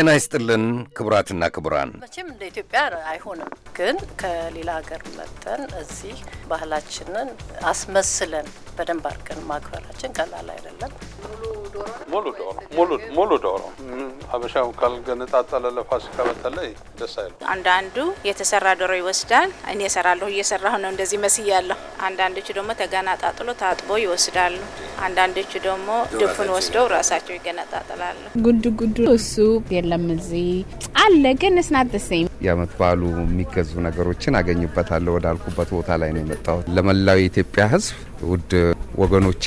ጤና ይስጥልን ክቡራትና ክቡራን። መቼም እንደ ኢትዮጵያ አይሆንም፣ ግን ከሌላ ሀገር መጠን እዚህ ባህላችንን አስመስለን በደንብ አድርገን ማክበራችን ቀላል አይደለም። ሙሉ ሙሉ ዶሮ ሙሉ ሙሉ ዶሮ ሀበሻው ካልገነጣጠለ ለፋሲካ በተለይ ደስ አይልም። አንዳንዱ የተሰራ ዶሮ ይወስዳል። እኔ እሰራለሁ እየሰራሁ ነው እንደዚህ መስያለሁ። አንዳንዶቹ ደግሞ ተገናጣጥሎ ታጥቦ ይወስዳሉ። አንዳንዶቹ ደግሞ ድፉን ወስደው ራሳቸው ይገነጣጥላሉ። ጉዱ ጉዱ እሱ የለም እዚህ አለ ግን እስናትሰኝ የአመት በዓሉ የሚገዙ ነገሮችን አገኝበታለሁ ወዳልኩበት ቦታ ላይ ነው የመጣሁት። ለመላው የኢትዮጵያ ሕዝብ ውድ ወገኖቼ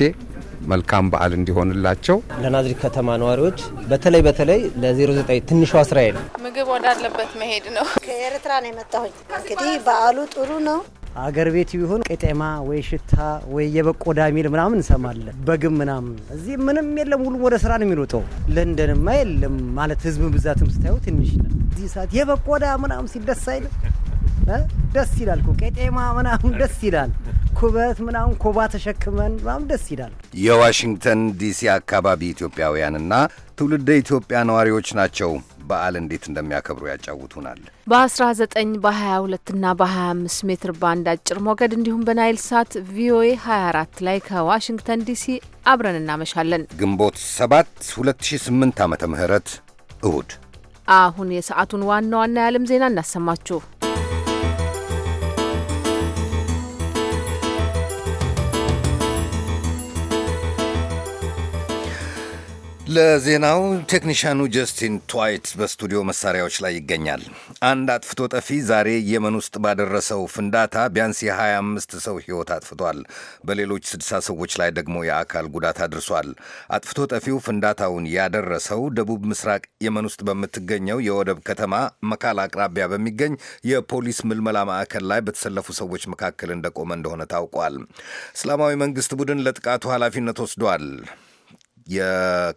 መልካም በዓል እንዲሆንላቸው ለናዝሪት ከተማ ነዋሪዎች በተለይ በተለይ ለ09 ትንሿ ነው። ምግብ ወዳለበት መሄድ ነው። ከኤርትራ ነው የመጣሁኝ። እንግዲህ በዓሉ ጥሩ ነው። አገር ቤት ቢሆን ቄጤማ ወይ ሽታ ወይ የበቆዳ ሚል ምናምን እንሰማለን። በግም ምናምን እዚህ ምንም የለም። ሁሉም ወደ ስራ ነው የሚሮጠው። ለንደንማ የለም ማለት ህዝብ ብዛትም ስታዩ ትንሽ ነው። እዚህ ሰዓት የበቆዳ ምናምን ሲደስ አይልም። ደስ ይላል ቄጤማ ምናምን ደስ ይላል። ኩበት ምናምን ኮባ ተሸክመን ምናምን ደስ ይላል። የዋሽንግተን ዲሲ አካባቢ ኢትዮጵያውያንና ትውልደ ኢትዮጵያ ነዋሪዎች ናቸው በዓል እንዴት እንደሚያከብሩ ያጫውቱናል። በ19 በ22 እና በ25 ሜትር ባንድ አጭር ሞገድ እንዲሁም በናይል ሳት ቪኦኤ 24 ላይ ከዋሽንግተን ዲሲ አብረን እናመሻለን። ግንቦት 7 2008 ዓ ም እሁድ። አሁን የሰዓቱን ዋና ዋና የዓለም ዜና እናሰማችሁ። ለዜናው ቴክኒሽያኑ ጀስቲን ትዋይት በስቱዲዮ መሳሪያዎች ላይ ይገኛል። አንድ አጥፍቶ ጠፊ ዛሬ የመን ውስጥ ባደረሰው ፍንዳታ ቢያንስ የ25 ሰው ሕይወት አጥፍቷል። በሌሎች 60 ሰዎች ላይ ደግሞ የአካል ጉዳት አድርሷል። አጥፍቶ ጠፊው ፍንዳታውን ያደረሰው ደቡብ ምስራቅ የመን ውስጥ በምትገኘው የወደብ ከተማ መካል አቅራቢያ በሚገኝ የፖሊስ ምልመላ ማዕከል ላይ በተሰለፉ ሰዎች መካከል እንደቆመ እንደሆነ ታውቋል። እስላማዊ መንግስት ቡድን ለጥቃቱ ኃላፊነት ወስዷል።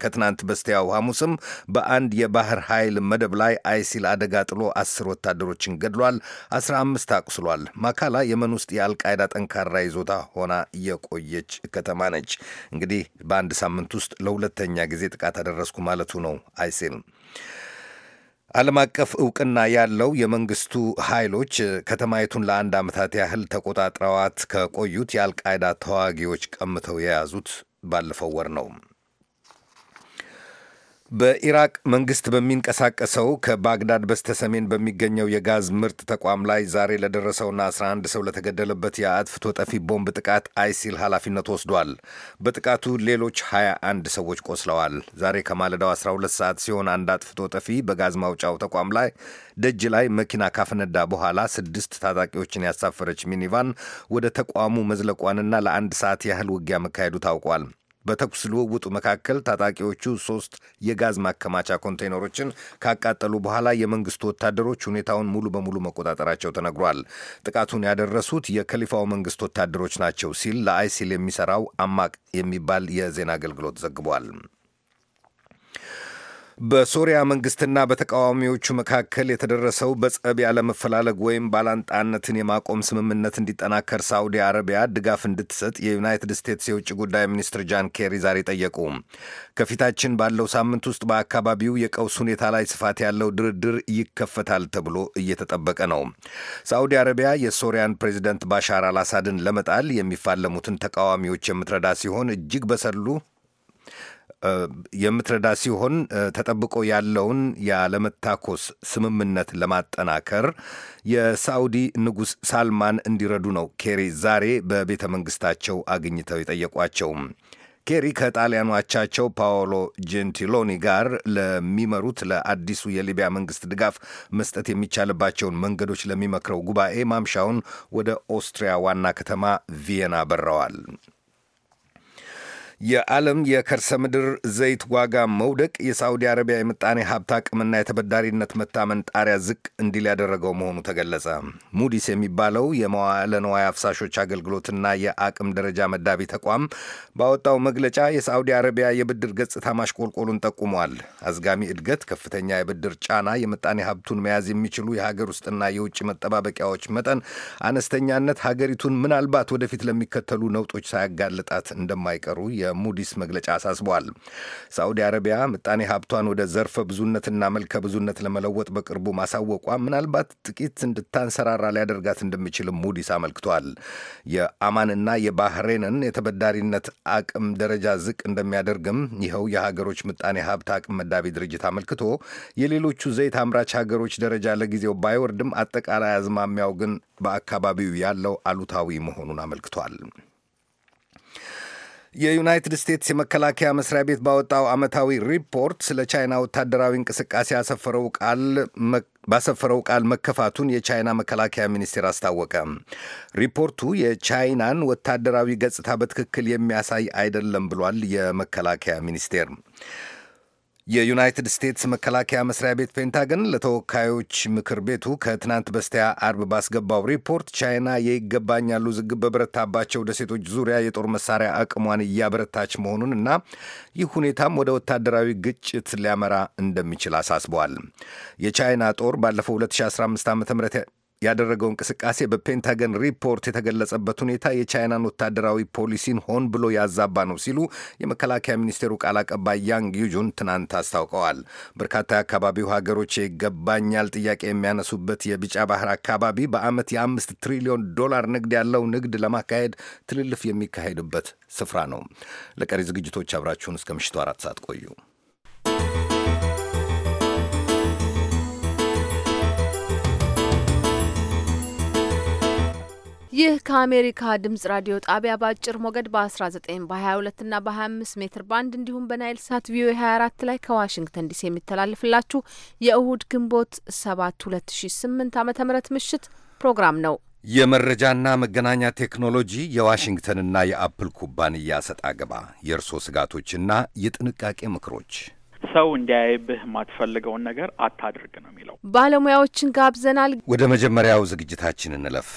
ከትናንት በስቲያው ሐሙስም በአንድ የባህር ኃይል መደብ ላይ አይሲል አደጋ ጥሎ አስር ወታደሮችን ገድሏል፣ አስራ አምስት አቁስሏል። ማካላ የመን ውስጥ የአልቃይዳ ጠንካራ ይዞታ ሆና የቆየች ከተማ ነች። እንግዲህ በአንድ ሳምንት ውስጥ ለሁለተኛ ጊዜ ጥቃት አደረስኩ ማለቱ ነው አይሲል ዓለም አቀፍ እውቅና ያለው የመንግስቱ ኃይሎች ከተማይቱን ለአንድ ዓመታት ያህል ተቆጣጥረዋት ከቆዩት የአልቃይዳ ተዋጊዎች ቀምተው የያዙት ባለፈው ወር ነው። በኢራቅ መንግስት በሚንቀሳቀሰው ከባግዳድ በስተሰሜን በሚገኘው የጋዝ ምርት ተቋም ላይ ዛሬ ለደረሰውና 11 ሰው ለተገደለበት የአጥፍቶ ጠፊ ቦምብ ጥቃት አይሲል ኃላፊነት ወስዷል። በጥቃቱ ሌሎች 21 ሰዎች ቆስለዋል። ዛሬ ከማለዳው 12 ሰዓት ሲሆን አንድ አጥፍቶ ጠፊ በጋዝ ማውጫው ተቋም ላይ ደጅ ላይ መኪና ካፈነዳ በኋላ ስድስት ታጣቂዎችን ያሳፈረች ሚኒቫን ወደ ተቋሙ መዝለቋንና ለአንድ ሰዓት ያህል ውጊያ መካሄዱ ታውቋል። በተኩስ ልውውጡ መካከል ታጣቂዎቹ ሶስት የጋዝ ማከማቻ ኮንቴይነሮችን ካቃጠሉ በኋላ የመንግስቱ ወታደሮች ሁኔታውን ሙሉ በሙሉ መቆጣጠራቸው ተነግሯል። ጥቃቱን ያደረሱት የከሊፋው መንግስት ወታደሮች ናቸው ሲል ለአይሲል የሚሰራው አማቅ የሚባል የዜና አገልግሎት ዘግቧል። በሶሪያ መንግስትና በተቃዋሚዎቹ መካከል የተደረሰው በጸብ ያለመፈላለግ ወይም ባላንጣነትን የማቆም ስምምነት እንዲጠናከር ሳዑዲ አረቢያ ድጋፍ እንድትሰጥ የዩናይትድ ስቴትስ የውጭ ጉዳይ ሚኒስትር ጃን ኬሪ ዛሬ ጠየቁ። ከፊታችን ባለው ሳምንት ውስጥ በአካባቢው የቀውስ ሁኔታ ላይ ስፋት ያለው ድርድር ይከፈታል ተብሎ እየተጠበቀ ነው። ሳዑዲ አረቢያ የሶሪያን ፕሬዚደንት ባሻር አልአሳድን ለመጣል የሚፋለሙትን ተቃዋሚዎች የምትረዳ ሲሆን እጅግ በሰሉ የምትረዳ ሲሆን ተጠብቆ ያለውን ያለመታኮስ ስምምነት ለማጠናከር የሳውዲ ንጉሥ ሳልማን እንዲረዱ ነው ኬሪ ዛሬ በቤተ መንግሥታቸው አግኝተው የጠየቋቸው። ኬሪ ከጣሊያኑ አቻቸው ፓዎሎ ጀንቲሎኒ ጋር ለሚመሩት ለአዲሱ የሊቢያ መንግስት ድጋፍ መስጠት የሚቻልባቸውን መንገዶች ለሚመክረው ጉባኤ ማምሻውን ወደ ኦስትሪያ ዋና ከተማ ቪየና በረዋል። የዓለም የከርሰ ምድር ዘይት ዋጋ መውደቅ የሳዑዲ አረቢያ የምጣኔ ሀብት አቅምና የተበዳሪነት መታመን ጣሪያ ዝቅ እንዲል ያደረገው መሆኑ ተገለጸ። ሙዲስ የሚባለው የመዋዕለ ንዋይ አፍሳሾች አገልግሎትና የአቅም ደረጃ መዳቢ ተቋም ባወጣው መግለጫ የሳዑዲ አረቢያ የብድር ገጽታ ማሽቆልቆሉን ጠቁሟል። አዝጋሚ እድገት፣ ከፍተኛ የብድር ጫና፣ የምጣኔ ሀብቱን መያዝ የሚችሉ የሀገር ውስጥና የውጭ መጠባበቂያዎች መጠን አነስተኛነት ሀገሪቱን ምናልባት ወደፊት ለሚከተሉ ነውጦች ሳያጋልጣት እንደማይቀሩ ሙዲስ መግለጫ አሳስቧል። ሳዑዲ አረቢያ ምጣኔ ሀብቷን ወደ ዘርፈ ብዙነትና መልከ ብዙነት ለመለወጥ በቅርቡ ማሳወቋ ምናልባት ጥቂት እንድታንሰራራ ሊያደርጋት እንደሚችልም ሙዲስ አመልክቷል። የአማንና የባህሬንን የተበዳሪነት አቅም ደረጃ ዝቅ እንደሚያደርግም ይኸው የሀገሮች ምጣኔ ሀብት አቅም መዳቢ ድርጅት አመልክቶ የሌሎቹ ዘይት አምራች ሀገሮች ደረጃ ለጊዜው ባይወርድም አጠቃላይ አዝማሚያው ግን በአካባቢው ያለው አሉታዊ መሆኑን አመልክቷል። የዩናይትድ ስቴትስ የመከላከያ መስሪያ ቤት ባወጣው ዓመታዊ ሪፖርት ስለ ቻይና ወታደራዊ እንቅስቃሴ ያሰፈረው ቃል ባሰፈረው ቃል መከፋቱን የቻይና መከላከያ ሚኒስቴር አስታወቀ። ሪፖርቱ የቻይናን ወታደራዊ ገጽታ በትክክል የሚያሳይ አይደለም ብሏል የመከላከያ ሚኒስቴር። የዩናይትድ ስቴትስ መከላከያ መስሪያ ቤት ፔንታገን ለተወካዮች ምክር ቤቱ ከትናንት በስቲያ አርብ ባስገባው ሪፖርት ቻይና የይገባኛሉ ውዝግብ በበረታባቸው ደሴቶች ዙሪያ የጦር መሳሪያ አቅሟን እያበረታች መሆኑን እና ይህ ሁኔታም ወደ ወታደራዊ ግጭት ሊያመራ እንደሚችል አሳስበዋል። የቻይና ጦር ባለፈው 2015 ዓ ም ያደረገው እንቅስቃሴ በፔንታገን ሪፖርት የተገለጸበት ሁኔታ የቻይናን ወታደራዊ ፖሊሲን ሆን ብሎ ያዛባ ነው ሲሉ የመከላከያ ሚኒስቴሩ ቃል አቀባይ ያንግ ዩጁን ትናንት አስታውቀዋል። በርካታ የአካባቢው ሀገሮች የይገባኛል ጥያቄ የሚያነሱበት የቢጫ ባህር አካባቢ በዓመት የአምስት ትሪሊዮን ዶላር ንግድ ያለው ንግድ ለማካሄድ ትልልፍ የሚካሄድበት ስፍራ ነው። ለቀሪ ዝግጅቶች አብራችሁን እስከ ምሽቱ አራት ሰዓት ቆዩ። ይህ ከአሜሪካ ድምጽ ራዲዮ ጣቢያ በአጭር ሞገድ በ19 በ22 እና በ25 ሜትር ባንድ እንዲሁም በናይል ሳት ቪኦኤ 24 ላይ ከዋሽንግተን ዲሲ የሚተላልፍላችሁ የእሁድ ግንቦት 7 2008 ዓ ም ምሽት ፕሮግራም ነው። የመረጃና መገናኛ ቴክኖሎጂ የዋሽንግተንና የአፕል ኩባንያ ሰጥ አገባ፣ የእርሶ ስጋቶችና የጥንቃቄ ምክሮች ሰው እንዲያይብህ የማትፈልገውን ነገር አታድርግ ነው የሚለው። ባለሙያዎችን ጋብዘናል። ወደ መጀመሪያው ዝግጅታችን እንለፍ።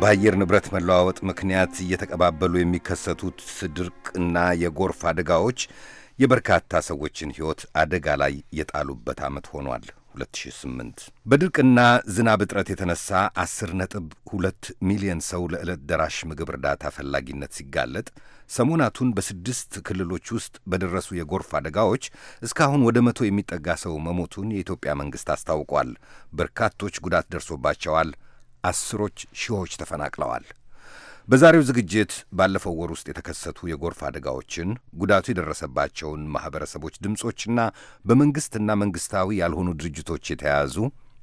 በአየር ንብረት መለዋወጥ ምክንያት እየተቀባበሉ የሚከሰቱት ድርቅና የጎርፍ አደጋዎች የበርካታ ሰዎችን ሕይወት አደጋ ላይ የጣሉበት ዓመት ሆኗል። 2008 በድርቅና ዝናብ እጥረት የተነሳ 10.2 ሚሊዮን ሰው ለዕለት ደራሽ ምግብ እርዳታ ፈላጊነት ሲጋለጥ ሰሞናቱን በስድስት ክልሎች ውስጥ በደረሱ የጎርፍ አደጋዎች እስካሁን ወደ መቶ የሚጠጋ ሰው መሞቱን የኢትዮጵያ መንግሥት አስታውቋል። በርካቶች ጉዳት ደርሶባቸዋል። አስሮች ሺዎች ተፈናቅለዋል። በዛሬው ዝግጅት ባለፈው ወር ውስጥ የተከሰቱ የጎርፍ አደጋዎችን፣ ጉዳቱ የደረሰባቸውን ማኅበረሰቦች ድምፆችና በመንግሥትና መንግሥታዊ ያልሆኑ ድርጅቶች የተያያዙ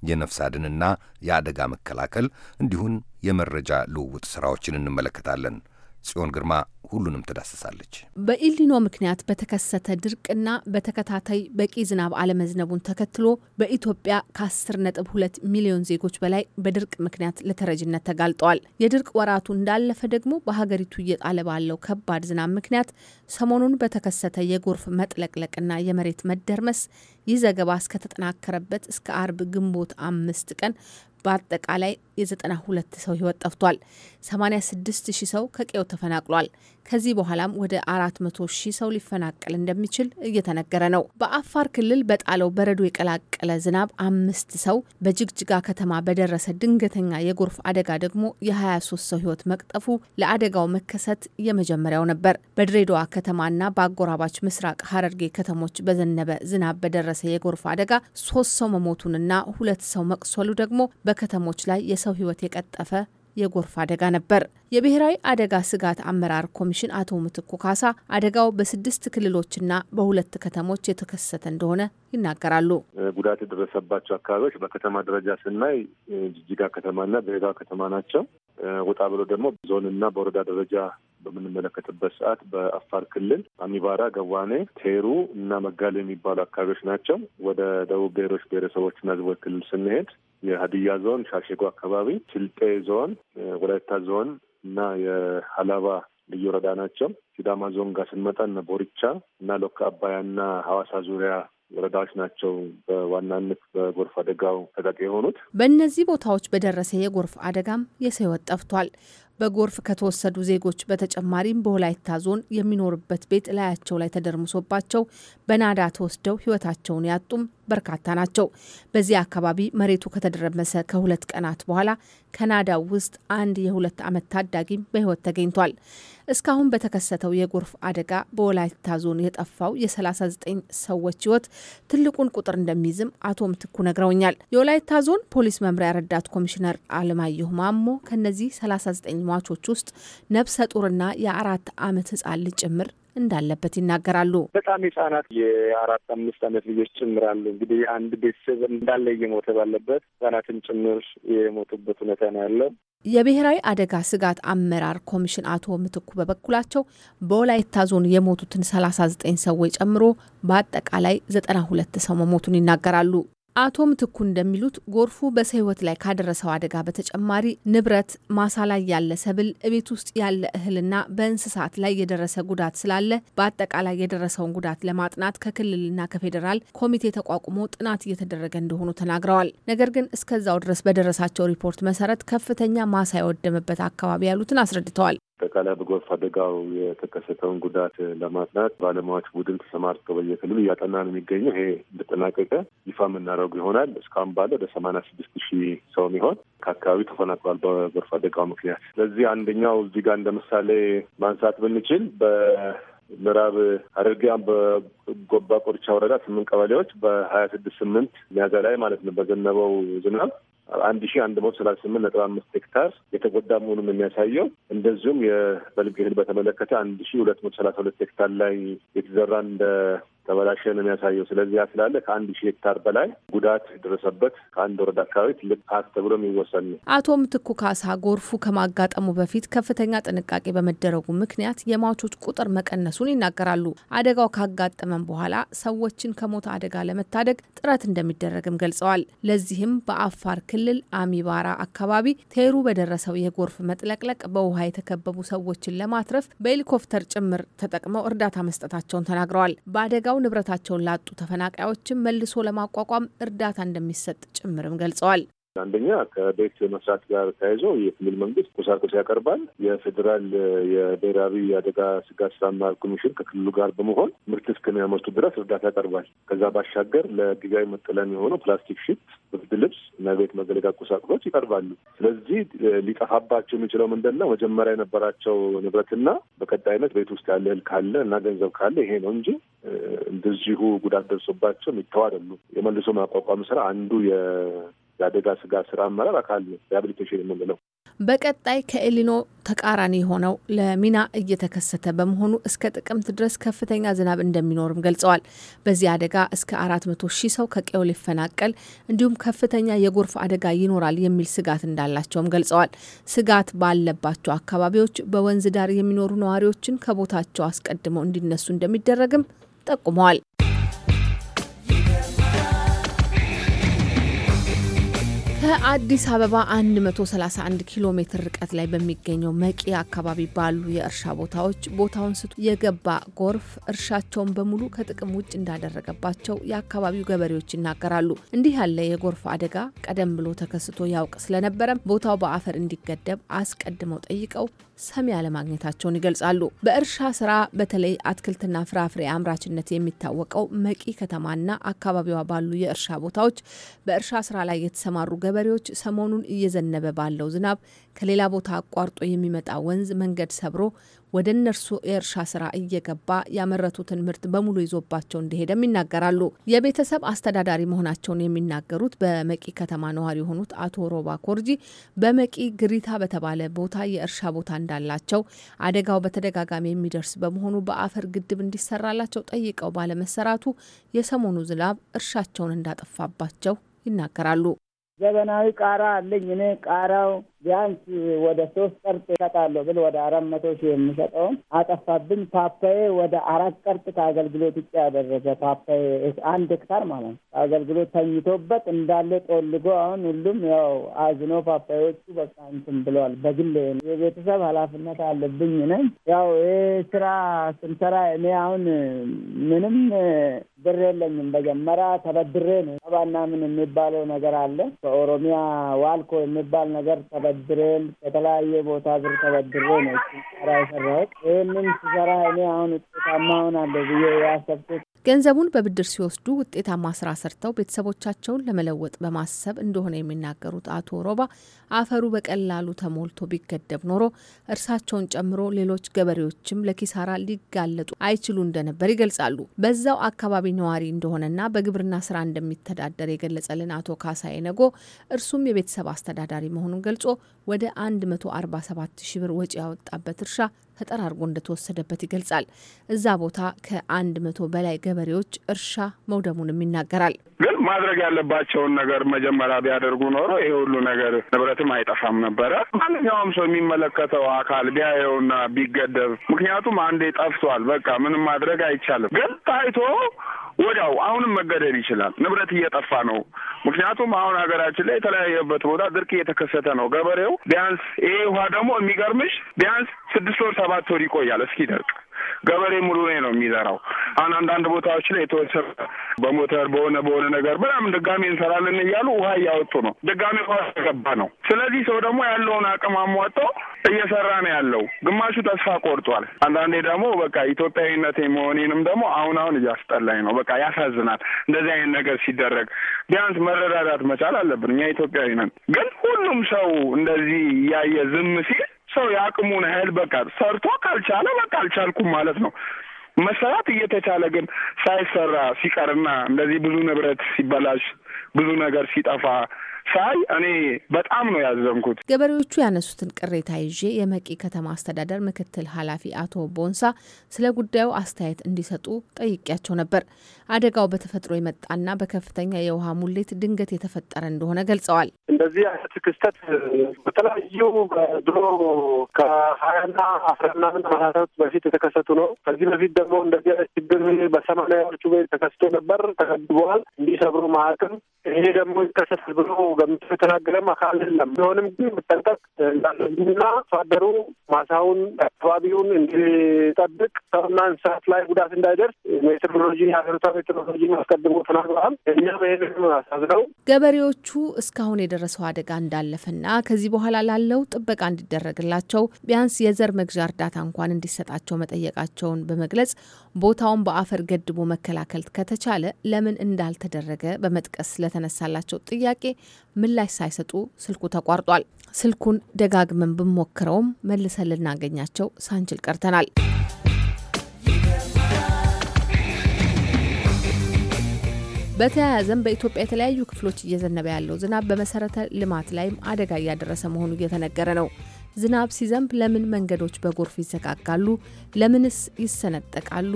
የነፍስ አድንና የአደጋ መከላከል እንዲሁም የመረጃ ልውውጥ ሥራዎችን እንመለከታለን። ጽዮን ግርማ ሁሉንም ትዳስሳለች። በኢሊኖ ምክንያት በተከሰተ ድርቅና በተከታታይ በቂ ዝናብ አለመዝነቡን ተከትሎ በኢትዮጵያ ከ10 ነጥብ 2 ሚሊዮን ዜጎች በላይ በድርቅ ምክንያት ለተረጅነት ተጋልጠዋል። የድርቅ ወራቱ እንዳለፈ ደግሞ በሀገሪቱ እየጣለ ባለው ከባድ ዝናብ ምክንያት ሰሞኑን በተከሰተ የጎርፍ መጥለቅለቅና የመሬት መደርመስ ይህ ዘገባ እስከተጠናከረበት እስከ አርብ ግንቦት አምስት ቀን በአጠቃላይ የ92 ሰው ህይወት ጠፍቷል። 86 ሺህ ሰው ከቀዬው ተፈናቅሏል። ከዚህ በኋላም ወደ አራት መቶ ሺህ ሰው ሊፈናቀል እንደሚችል እየተነገረ ነው። በአፋር ክልል በጣለው በረዶ የቀላቀለ ዝናብ አምስት ሰው፣ በጅግጅጋ ከተማ በደረሰ ድንገተኛ የጎርፍ አደጋ ደግሞ የ23 ሰው ሕይወት መቅጠፉ ለአደጋው መከሰት የመጀመሪያው ነበር። በድሬዳዋ ከተማና በአጎራባች ምስራቅ ሀረርጌ ከተሞች በዘነበ ዝናብ በደረሰ የጎርፍ አደጋ ሶስት ሰው መሞቱንና ሁለት ሰው መቁሰሉ ደግሞ በከተሞች ላይ የሰው ህይወት የቀጠፈ የጎርፍ አደጋ ነበር። የብሔራዊ አደጋ ስጋት አመራር ኮሚሽን አቶ ምትኩ ካሳ አደጋው በስድስት ክልሎችና በሁለት ከተሞች የተከሰተ እንደሆነ ይናገራሉ። ጉዳት የደረሰባቸው አካባቢዎች በከተማ ደረጃ ስናይ ጅጅጋ ከተማና ድሬዳዋ ከተማ ናቸው። ወጣ ብሎ ደግሞ ዞን እና በወረዳ ደረጃ በምንመለከትበት ሰዓት በአፋር ክልል አሚባራ፣ ገዋኔ፣ ቴሩ እና መጋሌ የሚባሉ አካባቢዎች ናቸው። ወደ ደቡብ ብሔሮች ብሔረሰቦችና ሕዝቦች ክልል ስንሄድ የሀዲያ ዞን ሻሸጎ አካባቢ፣ ስልጤ ዞን፣ ወላይታ ዞን እና የሀላባ ልዩ ወረዳ ናቸው። ሲዳማ ዞን ጋር ስንመጣ እነ ቦሪቻ እና ሎካ አባያ አባያና ሀዋሳ ዙሪያ ወረዳዎች ናቸው በዋናነት በጎርፍ አደጋው ተጠቂ የሆኑት። በእነዚህ ቦታዎች በደረሰ የጎርፍ አደጋም የሰው ሕይወት ጠፍቷል። በጎርፍ ከተወሰዱ ዜጎች በተጨማሪም በወላይታ ዞን የሚኖርበት ቤት ላያቸው ላይ ተደርምሶባቸው በናዳ ተወስደው ሕይወታቸውን ያጡም በርካታ ናቸው። በዚህ አካባቢ መሬቱ ከተደረመሰ ከሁለት ቀናት በኋላ ከናዳው ውስጥ አንድ የሁለት ዓመት ታዳጊም በሕይወት ተገኝቷል። እስካሁን በተከሰተው የጎርፍ አደጋ በወላይታ ዞን የጠፋው የ39 ሰዎች ሕይወት ትልቁን ቁጥር እንደሚይዝም አቶ ምትኩ ነግረውኛል። የወላይታ ዞን ፖሊስ መምሪያ ረዳት ኮሚሽነር አለማየሁ ማሞ ከነዚህ 39 ሟቾች ውስጥ ነብሰ ጡርና የአራት ዓመት ህጻን ልጅ ጭምር እንዳለበት ይናገራሉ። በጣም ህጻናት የአራት አምስት አመት ልጆች ጭምር አሉ። እንግዲህ አንድ ቤተሰብ እንዳለ እየሞተ ባለበት ህጻናትን ጭምር የሞቱበት ሁኔታ ነው ያለው። የብሔራዊ አደጋ ስጋት አመራር ኮሚሽን አቶ ምትኩ በበኩላቸው በወላይታ ዞን የሞቱትን ሰላሳ ዘጠኝ ሰዎች ጨምሮ በአጠቃላይ ዘጠና ሁለት ሰው መሞቱን ይናገራሉ። አቶ ምትኩ እንደሚሉት ጎርፉ በሰው ሕይወት ላይ ካደረሰው አደጋ በተጨማሪ ንብረት፣ ማሳ ላይ ያለ ሰብል፣ እቤት ውስጥ ያለ እህልና በእንስሳት ላይ የደረሰ ጉዳት ስላለ በአጠቃላይ የደረሰውን ጉዳት ለማጥናት ከክልልና ከፌዴራል ኮሚቴ ተቋቁሞ ጥናት እየተደረገ እንደሆኑ ተናግረዋል። ነገር ግን እስከዛው ድረስ በደረሳቸው ሪፖርት መሰረት ከፍተኛ ማሳ የወደመበት አካባቢ ያሉትን አስረድተዋል። አጠቃላይ በጎርፍ አደጋው የተከሰተውን ጉዳት ለማጥናት ባለሙያዎች ቡድን ተሰማርተው በየክልሉ እያጠና ነው የሚገኘው። ይሄ እንደጠናቀቀ ይፋ የምናደርጉ ይሆናል። እስካሁን ባለ ወደ ሰማንያ ስድስት ሺህ ሰው የሚሆን ከአካባቢው ተፈናቅሏል በጎርፍ አደጋው ምክንያት። ስለዚህ አንደኛው እዚህ ጋር እንደምሳሌ ማንሳት ብንችል በ ምዕራብ ሐረርጌ በጎባ ቆርቻ ወረዳ ስምንት ቀበሌዎች በሀያ ስድስት ስምንት ሚያዝያ ላይ ማለት ነው በዘነበው ዝናብ አንድ ሺ አንድ መቶ ሰላሳ ስምንት ነጥብ አምስት ሄክታር የተጎዳ መሆኑን የሚያሳየው እንደዚሁም የበልግ እህል በተመለከተ አንድ ሺ ሁለት መቶ ሰላሳ ሁለት ሄክታር ላይ የተዘራ እንደ ተበላሸ ነው የሚያሳየው። ስለዚህ ያ ስላለ ከአንድ ሺህ ሄክታር በላይ ጉዳት ደረሰበት ከአንድ ወረዳ አካባቢ ትልቅ ሀቅ ተብሎ የሚወሰን ነው። አቶ ምትኩ ካሳ ጎርፉ ከማጋጠሙ በፊት ከፍተኛ ጥንቃቄ በመደረጉ ምክንያት የሟቾች ቁጥር መቀነሱን ይናገራሉ። አደጋው ካጋጠመም በኋላ ሰዎችን ከሞት አደጋ ለመታደግ ጥረት እንደሚደረግም ገልጸዋል። ለዚህም በአፋር ክልል አሚባራ አካባቢ ቴሩ በደረሰው የጎርፍ መጥለቅለቅ በውሃ የተከበቡ ሰዎችን ለማትረፍ በሄሊኮፕተር ጭምር ተጠቅመው እርዳታ መስጠታቸውን ተናግረዋል። በአደጋ ወዲያው ንብረታቸውን ላጡ ተፈናቃዮችን መልሶ ለማቋቋም እርዳታ እንደሚሰጥ ጭምርም ገልጸዋል። አንደኛ ከቤት መስራት ጋር ተያይዞ የክልል መንግስት ቁሳቁስ ያቀርባል። የፌዴራል የብሔራዊ የአደጋ ስጋት ስራ አመራር ኮሚሽን ከክልሉ ጋር በመሆን ምርት እስከሚያመርቱ ድረስ እርዳታ ያቀርባል። ከዛ ባሻገር ለጊዜያዊ መጠለም የሆነው ፕላስቲክ ሽት፣ ብርድ ልብስ እና ቤት መገልገያ ቁሳቁሶች ይቀርባሉ። ስለዚህ ሊጠፋባቸው የሚችለው ምንድን ነው? መጀመሪያ የነበራቸው ንብረትና በቀጣይነት ቤት ውስጥ ያለ እህል ካለ እና ገንዘብ ካለ ይሄ ነው እንጂ እንደዚሁ ጉዳት ደርሶባቸው የሚተው አይደሉም። የመልሶ ማቋቋም ስራ አንዱ የአደጋ ስጋት ስራ አመራር አካል ነው ሪሀቢሊቴሽን የምንለው። በቀጣይ ከኤሊኖ ተቃራኒ የሆነው ለሚና እየተከሰተ በመሆኑ እስከ ጥቅምት ድረስ ከፍተኛ ዝናብ እንደሚኖርም ገልጸዋል። በዚህ አደጋ እስከ አራት መቶ ሺህ ሰው ከቀዬው ሊፈናቀል እንዲሁም ከፍተኛ የጎርፍ አደጋ ይኖራል የሚል ስጋት እንዳላቸውም ገልጸዋል። ስጋት ባለባቸው አካባቢዎች በወንዝ ዳር የሚኖሩ ነዋሪዎችን ከቦታቸው አስቀድመው እንዲነሱ እንደሚደረግም ጠቁመዋል። ከአዲስ አበባ 131 ኪሎ ሜትር ርቀት ላይ በሚገኘው መቂ አካባቢ ባሉ የእርሻ ቦታዎች ቦታውን ስቶ የገባ ጎርፍ እርሻቸውን በሙሉ ከጥቅም ውጭ እንዳደረገባቸው የአካባቢው ገበሬዎች ይናገራሉ። እንዲህ ያለ የጎርፍ አደጋ ቀደም ብሎ ተከስቶ ያውቅ ስለነበረም ቦታው በአፈር እንዲገደብ አስቀድመው ጠይቀው ሰሚ አለማግኘታቸውን ይገልጻሉ። በእርሻ ስራ በተለይ አትክልትና ፍራፍሬ አምራችነት የሚታወቀው መቂ ከተማና አካባቢዋ ባሉ የእርሻ ቦታዎች በእርሻ ስራ ላይ የተሰማሩ ገበሬዎች ሰሞኑን እየዘነበ ባለው ዝናብ ከሌላ ቦታ አቋርጦ የሚመጣ ወንዝ መንገድ ሰብሮ ወደ እነርሱ የእርሻ ስራ እየገባ ያመረቱትን ምርት በሙሉ ይዞባቸው እንደሄደም ይናገራሉ። የቤተሰብ አስተዳዳሪ መሆናቸውን የሚናገሩት በመቂ ከተማ ነዋሪ የሆኑት አቶ ሮባ ኮርጂ በመቂ ግሪታ በተባለ ቦታ የእርሻ ቦታ እንዳላቸው አደጋው በተደጋጋሚ የሚደርስ በመሆኑ በአፈር ግድብ እንዲሰራላቸው ጠይቀው ባለመሰራቱ የሰሞኑ ዝናብ እርሻቸውን እንዳጠፋባቸው ይናገራሉ። ዘመናዊ ቃራ አለኝ። እኔ ቃራው ቢያንስ ወደ ሶስት ቀርጥ ይሸጣለሁ ብል ወደ አራት መቶ ሺህ የሚሸጠውን አጠፋብኝ። ፓፓዬ ወደ አራት ቀርጥ ከአገልግሎት ውጭ ያደረገ ፓፓዬ አንድ ሄክታር ማለት ነው። አገልግሎት ተኝቶበት እንዳለ ጦልጎ አሁን ሁሉም ያው አዝኖ ፓፓዎቹ በቃ እንትን ብለዋል። በግል የቤተሰብ ኃላፊነት አለብኝ ነኝ ያው ይህ ስራ ስንሰራ እኔ አሁን ምንም ብር የለኝም። በጀመሪያ ተበድሬ ነው ባና ምን የሚባለው ነገር አለ በኦሮሚያ ዋልኮ የሚባል ነገር ተበ ተበድሬል ከተለያየ ቦታ ብር ተበድሬ ነው ስራ የሰራሁት። ይህንን ስሰራ እኔ አሁን ውጤታማ ሆናለሁ ብዬ ያሰብኩት ገንዘቡን በብድር ሲወስዱ ውጤታማ ስራ ሰርተው ቤተሰቦቻቸውን ለመለወጥ በማሰብ እንደሆነ የሚናገሩት አቶ ሮባ አፈሩ በቀላሉ ተሞልቶ ቢገደብ ኖሮ እርሳቸውን ጨምሮ ሌሎች ገበሬዎችም ለኪሳራ ሊጋለጡ አይችሉ እንደነበር ይገልጻሉ። በዛው አካባቢ ነዋሪ እንደሆነና በግብርና ስራ እንደሚተዳደር የገለጸልን አቶ ካሳዬ ነጎ እርሱም የቤተሰብ አስተዳዳሪ መሆኑን ገልጾ ወደ 147 ሺ ብር ወጪ ያወጣበት እርሻ ተጠራርጎ እንደተወሰደበት ይገልጻል። እዛ ቦታ ከአንድ መቶ በላይ ገበሬዎች እርሻ መውደሙንም ይናገራል። ግን ማድረግ ያለባቸውን ነገር መጀመሪያ ቢያደርጉ ኖሮ ይህ ሁሉ ነገር ንብረትም አይጠፋም ነበረ። ማንኛውም ሰው የሚመለከተው አካል ቢያየውና ቢገደብ፣ ምክንያቱም አንዴ ጠፍቷል፣ በቃ ምንም ማድረግ አይቻልም። ግን ታይቶ ወዲያው አሁንም መገደል ይችላል። ንብረት እየጠፋ ነው። ምክንያቱም አሁን ሀገራችን ላይ የተለያየበት ቦታ ድርቅ እየተከሰተ ነው። ገበሬው ቢያንስ ይሄ ውሃ ደግሞ የሚገርምሽ ቢያንስ ስድስት ወር ሰባት ወር ይቆያል እስኪደርቅ ገበሬ ሙሉ ነው ነው የሚዘራው። አሁን አንዳንድ ቦታዎች ላይ የተወሰነ በሞተር በሆነ በሆነ ነገር በጣም ድጋሜ እንሰራለን እያሉ ውሃ እያወጡ ነው። ድጋሜ ውሃ ገባ ነው። ስለዚህ ሰው ደግሞ ያለውን አቅም አሟጦ እየሰራ ነው ያለው። ግማሹ ተስፋ ቆርጧል። አንዳንዴ ደግሞ በቃ ኢትዮጵያዊነት መሆኔንም ደግሞ አሁን አሁን እያስጠላኝ ነው። በቃ ያሳዝናል። እንደዚህ አይነት ነገር ሲደረግ ቢያንስ መረዳዳት መቻል አለብን። እኛ ኢትዮጵያዊ ነን። ግን ሁሉም ሰው እንደዚህ እያየ ዝም ሲል ሰው የአቅሙን ያህል በቃ ሰርቶ ካልቻለ በቃ አልቻልኩም ማለት ነው። መሰራት እየተቻለ ግን ሳይሰራ ሲቀርና እንደዚህ ብዙ ንብረት ሲበላሽ ብዙ ነገር ሲጠፋ ሳይ እኔ በጣም ነው ያዘንኩት። ገበሬዎቹ ያነሱትን ቅሬታ ይዤ የመቂ ከተማ አስተዳደር ምክትል ኃላፊ አቶ ቦንሳ ስለ ጉዳዩ አስተያየት እንዲሰጡ ጠይቄያቸው ነበር። አደጋው በተፈጥሮ የመጣና በከፍተኛ የውሃ ሙሌት ድንገት የተፈጠረ እንደሆነ ገልጸዋል። እንደዚህ አይነት ክስተት በተለያዩ ድሮ ከሀያና አስራና ምን መሳሰሉት በፊት የተከሰቱ ነው። ከዚህ በፊት ደግሞ እንደዚህ አይነት ችግር በሰማንያዎቹ ተከስቶ ነበር። ተከድበዋል። እንዲሰብሩ ማለትም ይሄ ደግሞ ይከሰታል ብሎ ገምቶ የተናገረም አካል የለም። ቢሆንም ግን መጠንቀቅ እንዳለብንና አደሩ ማሳውን አካባቢውን እንዲጠብቅ ሰውና እንስሳት ላይ ጉዳት እንዳይደርስ ሜትሮሎጂ የሀገሪቷ ሜትሮሎጂ አስቀድሞ ተናግረዋል። እኛም ይህን አሳዝነው ገበሬዎቹ እስካሁን የደረሰው አደጋ እንዳለፈና ከዚህ በኋላ ላለው ጥበቃ እንዲደረግላቸው ቢያንስ የዘር መግዣ እርዳታ እንኳን እንዲሰጣቸው መጠየቃቸውን በመግለጽ ቦታውን በአፈር ገድቦ መከላከል ከተቻለ ለምን እንዳልተደረገ በመጥቀስ ለተነሳላቸው ጥያቄ ምላሽ ሳይሰጡ ስልኩ ተቋርጧል። ስልኩን ደጋግመን ብንሞክረውም መልሰን ልናገኛቸው ሳንችል ቀርተናል። በተያያዘም በኢትዮጵያ የተለያዩ ክፍሎች እየዘነበ ያለው ዝናብ በመሰረተ ልማት ላይም አደጋ እያደረሰ መሆኑ እየተነገረ ነው። ዝናብ ሲዘንብ ለምን መንገዶች በጎርፍ ይዘጋጋሉ? ለምንስ ይሰነጠቃሉ?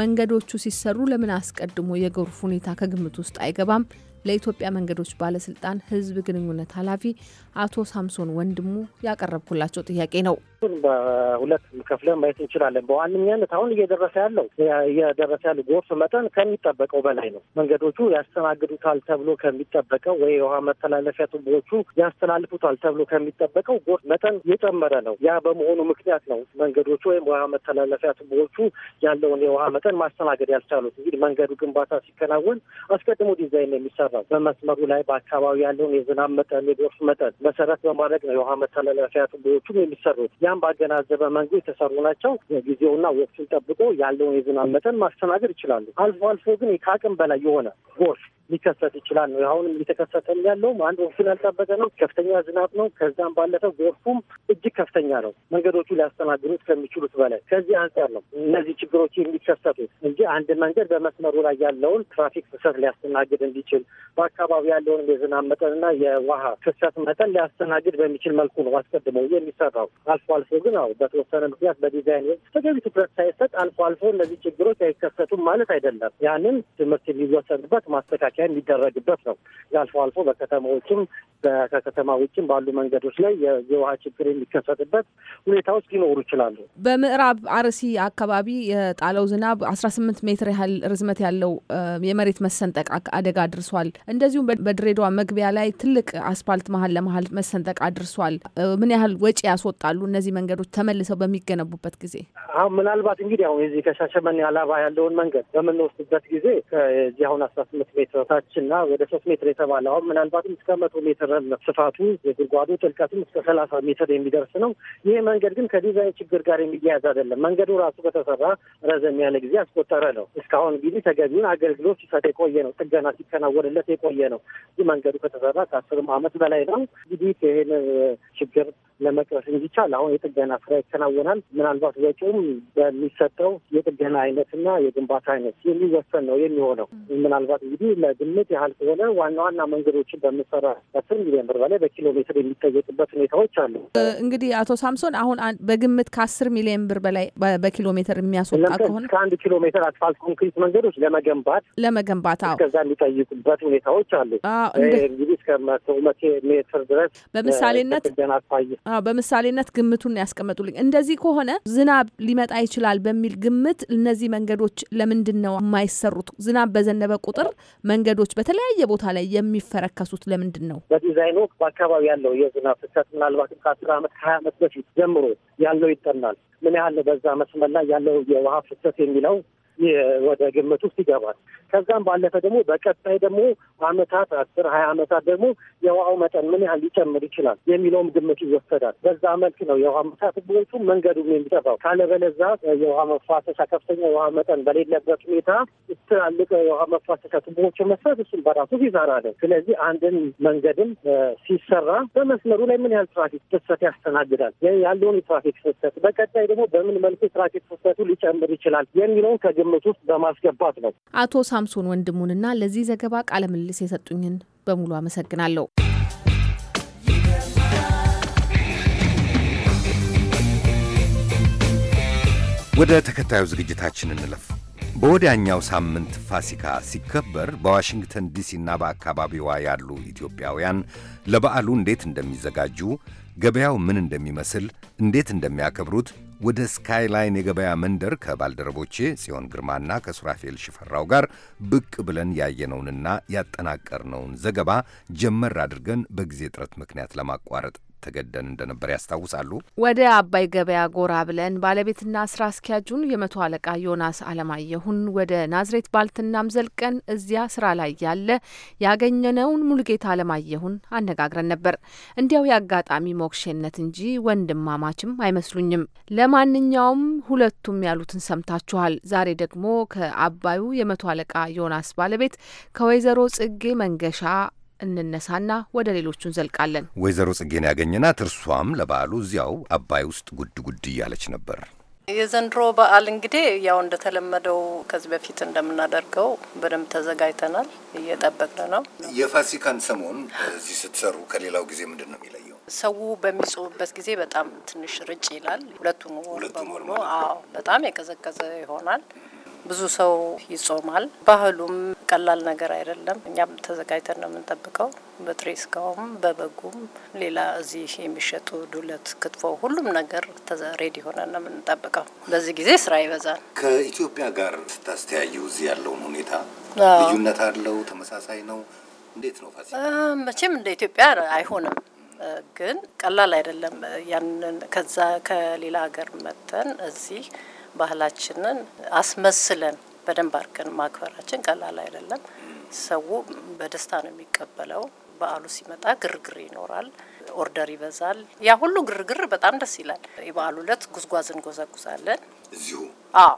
መንገዶቹ ሲሰሩ ለምን አስቀድሞ የጎርፍ ሁኔታ ከግምት ውስጥ አይገባም? ለኢትዮጵያ መንገዶች ባለስልጣን ሕዝብ ግንኙነት ኃላፊ አቶ ሳምሶን ወንድሙ ያቀረብኩላቸው ጥያቄ ነው። በሁለት ከፍለን ማየት እንችላለን። በዋነኛነት አሁን እየደረሰ ያለው እየደረሰ ያለው ጎርፍ መጠን ከሚጠበቀው በላይ ነው። መንገዶቹ ያስተናግዱታል ተብሎ ከሚጠበቀው ወይ የውሃ መተላለፊያ ቱቦዎቹ ያስተላልፉታል ተብሎ ከሚጠበቀው ጎርፍ መጠን የጨመረ ነው። ያ በመሆኑ ምክንያት ነው መንገዶቹ ወይም ውሃ መተላለፊያ ቱቦዎቹ ያለውን የውሃ መጠን ማስተናገድ ያልቻሉት። እንግዲህ መንገዱ ግንባታ ሲከናወን አስቀድሞ ዲዛይን የሚሰራው በመስመሩ ላይ በአካባቢ ያለውን የዝናብ መጠን፣ የጎርፍ መጠን መሰረት በማድረግ ነው የውሃ መተላለፊያ ቱቦዎቹም የሚሰሩት። ያም ባገናዘበ መንገድ የተሰሩ ናቸው። ጊዜውና ወቅቱን ጠብቆ ያለውን የዝናብ መጠን ማስተናገድ ይችላሉ። አልፎ አልፎ ግን ከአቅም በላይ የሆነ ጎርፍ ሊከሰት ይችላል ነው አሁንም እየተከሰተም ያለውም አንድ ወቅቱን ያልጠበቀ ነው። ከፍተኛ ዝናብ ነው። ከዛም ባለፈ ጎርፉም እጅግ ከፍተኛ ነው፣ መንገዶቹ ሊያስተናግዱት ከሚችሉት በላይ። ከዚህ አንጻር ነው እነዚህ ችግሮች የሚከሰቱት እንጂ አንድ መንገድ በመስመሩ ላይ ያለውን ትራፊክ ፍሰት ሊያስተናግድ እንዲችል በአካባቢ ያለውን የዝናብ መጠንና የውሃ ፍሰት መጠን ያን ሊያስተናግድ በሚችል መልኩ ነው አስቀድመው የሚሰራው። አልፎ አልፎ ግን አዎ በተወሰነ ምክንያት በዲዛይን ተገቢ ትኩረት ሳይሰጥ አልፎ አልፎ እነዚህ ችግሮች አይከሰቱም ማለት አይደለም። ያንን ትምህርት የሚወሰድበት ማስተካከያ የሚደረግበት ነው። አልፎ አልፎ በከተማዎችም ከከተማ ውጭም ባሉ መንገዶች ላይ የውሃ ችግር የሚከሰትበት ሁኔታዎች ሊኖሩ ይችላሉ። በምዕራብ አርሲ አካባቢ የጣለው ዝናብ አስራ ስምንት ሜትር ያህል ርዝመት ያለው የመሬት መሰንጠቅ አደጋ አድርሷል። እንደዚሁም በድሬዳዋ መግቢያ ላይ ትልቅ አስፓልት መሀል ለመሀል ያህል መሰንጠቅ አድርሷል? ምን ያህል ወጪ ያስወጣሉ እነዚህ መንገዶች ተመልሰው በሚገነቡበት ጊዜ? አሁን ምናልባት እንግዲህ አሁን የዚህ ከሻሸመኔ አላባ ያለውን መንገድ በምንወስድበት ጊዜ ከዚህ አሁን አስራ ስምንት ሜትር ታች እና ወደ ሶስት ሜትር የተባለ አሁን ምናልባትም እስከ መቶ ሜትር ስፋቱ የጉድጓዱ ጥልቀትም እስከ ሰላሳ ሜትር የሚደርስ ነው። ይህ መንገድ ግን ከዲዛይን ችግር ጋር የሚያያዝ አይደለም። መንገዱ ራሱ ከተሰራ ረዘም ያለ ጊዜ ያስቆጠረ ነው። እስካሁን እንግዲህ ተገቢውን አገልግሎት ሲሰጥ የቆየ ነው። ጥገና ሲከናወንለት የቆየ ነው። ይህ መንገዱ ከተሰራ ከአስርም ዓመት በላይ ነው። እንግዲህ ይህን ችግር ለመቅረፍ እንዲቻል አሁን የጥገና ስራ ይከናወናል። ምናልባት ወጪውም በሚሰጠው የጥገና አይነትና የግንባታ አይነት የሚወሰን ነው የሚሆነው። ምናልባት እንግዲህ ለግምት ያህል ከሆነ ዋና ዋና መንገዶችን በምሰራ በስር ሚሊዮን ብር በላይ በኪሎ ሜትር የሚጠየቅበት ሁኔታዎች አሉ። እንግዲህ አቶ ሳምሶን አሁን በግምት ከአስር ሚሊዮን ብር በላይ በኪሎ ሜትር የሚያስወጣ ከሆነ ከአንድ ኪሎ ሜትር አስፋልት ኮንክሪት መንገዶች ለመገንባት ለመገንባት ከዛ የሚጠይቁበት ሁኔታዎች አሉ። እንግዲህ እስከ መቶ ሜትር ድረስ ድረስ በምሳሌነት በምሳሌነት ግምቱን ያስቀመጡልኝ። እንደዚህ ከሆነ ዝናብ ሊመጣ ይችላል በሚል ግምት እነዚህ መንገዶች ለምንድን ነው የማይሰሩት? ዝናብ በዘነበ ቁጥር መንገዶች በተለያየ ቦታ ላይ የሚፈረከሱት ለምንድን ነው? በዲዛይኑ በአካባቢ ያለው የዝናብ ፍሰት ምናልባት ከአስር አመት ከሀያ አመት በፊት ጀምሮ ያለው ይጠናል። ምን ያህል በዛ መስመር ላይ ያለው የውሃ ፍሰት የሚለው ወደ ግምት ውስጥ ይገባል። ከዛም ባለፈ ደግሞ በቀጣይ ደግሞ አመታት አስር ሀያ አመታት ደግሞ የውሃው መጠን ምን ያህል ሊጨምር ይችላል የሚለውም ግምት ይወሰዳል። በዛ መልክ ነው የውሃ መሳት ቦቱ መንገዱም የሚጠፋው። ካለበለዛ የውሃ መፋሰሻ ከፍተኛ የውሃ መጠን በሌለበት ሁኔታ ትላልቅ የውሃ መፋሰሻ ቱቦዎች መስራት እሱም በራሱ ኪሳራ ስለዚህ አንድን መንገድም ሲሰራ በመስመሩ ላይ ምን ያህል ትራፊክ ፍሰት ያስተናግዳል ያለውን የትራፊክ ፍሰት፣ በቀጣይ ደግሞ በምን መልኩ ትራፊክ ፍሰቱ ሊጨምር ይችላል የሚለውን ከግምት ግምት ውስጥ በማስገባት ነው። አቶ ሳምሶን ወንድሙንና ለዚህ ዘገባ ቃለ ምልልስ የሰጡኝን በሙሉ አመሰግናለሁ። ወደ ተከታዩ ዝግጅታችን እንለፍ። በወዲያኛው ሳምንት ፋሲካ ሲከበር በዋሽንግተን ዲሲና በአካባቢዋ ያሉ ኢትዮጵያውያን ለበዓሉ እንዴት እንደሚዘጋጁ፣ ገበያው ምን እንደሚመስል፣ እንዴት እንደሚያከብሩት ወደ ስካይላይን የገበያ መንደር ከባልደረቦቼ ጽዮን ግርማና ከሱራፌል ሽፈራው ጋር ብቅ ብለን ያየነውንና ያጠናቀርነውን ዘገባ ጀመር አድርገን በጊዜ ጥረት ምክንያት ለማቋረጥ ተገደን እንደነበር ያስታውሳሉ። ወደ አባይ ገበያ ጎራ ብለን ባለቤትና ስራ አስኪያጁን የመቶ አለቃ ዮናስ አለማየሁን ወደ ናዝሬት ባልትናም ዘልቀን እዚያ ስራ ላይ ያለ ያገኘነውን ሙልጌታ አለማየሁን አነጋግረን ነበር። እንዲያው የአጋጣሚ ሞክሼነት እንጂ ወንድማማችም አይመስሉኝም። ለማንኛውም ሁለቱም ያሉትን ሰምታችኋል። ዛሬ ደግሞ ከአባዩ የመቶ አለቃ ዮናስ ባለቤት ከወይዘሮ ጽጌ መንገሻ እንነሳና ወደ ሌሎቹ እንዘልቃለን። ወይዘሮ ጽጌን ያገኘናት እርሷም ለበዓሉ እዚያው አባይ ውስጥ ጉድ ጉድ እያለች ነበር። የዘንድሮ በዓል እንግዲህ ያው እንደተለመደው ከዚህ በፊት እንደምናደርገው በደንብ ተዘጋጅተናል፣ እየጠበቅን ነው። የፋሲካን ሰሞን እዚህ ስትሰሩ ከሌላው ጊዜ ምንድን ነው የሚለየው? ሰው በሚጽሁበት ጊዜ በጣም ትንሽ ርጭ ይላል። ሁለቱን ወር በሙሉ አዎ፣ በጣም የቀዘቀዘ ይሆናል። ብዙ ሰው ይጾማል። ባህሉም ቀላል ነገር አይደለም። እኛም ተዘጋጅተን ነው የምንጠብቀው። በጥሬ ስጋውም በበጉም ሌላ እዚህ የሚሸጡ ዱለት፣ ክትፎ፣ ሁሉም ነገር ሬዲ የሆነ ነው የምንጠብቀው። በዚህ ጊዜ ስራ ይበዛል። ከኢትዮጵያ ጋር ስታስተያዩ እዚህ ያለውን ሁኔታ ልዩነት አለው? ተመሳሳይ ነው? እንዴት ነው? መቼም እንደ ኢትዮጵያ አይሆንም ግን ቀላል አይደለም። ያንን ከዛ ከሌላ ሀገር መጥተን እዚህ ባህላችንን አስመስለን በደንብ አድርገን ማክበራችን ቀላል አይደለም። ሰው በደስታ ነው የሚቀበለው። በዓሉ ሲመጣ ግርግር ይኖራል፣ ኦርደር ይበዛል። ያ ሁሉ ግርግር በጣም ደስ ይላል። የበዓሉ ዕለት ጉዝጓዝ እንጎዘጉዛለን እዚሁ አዎ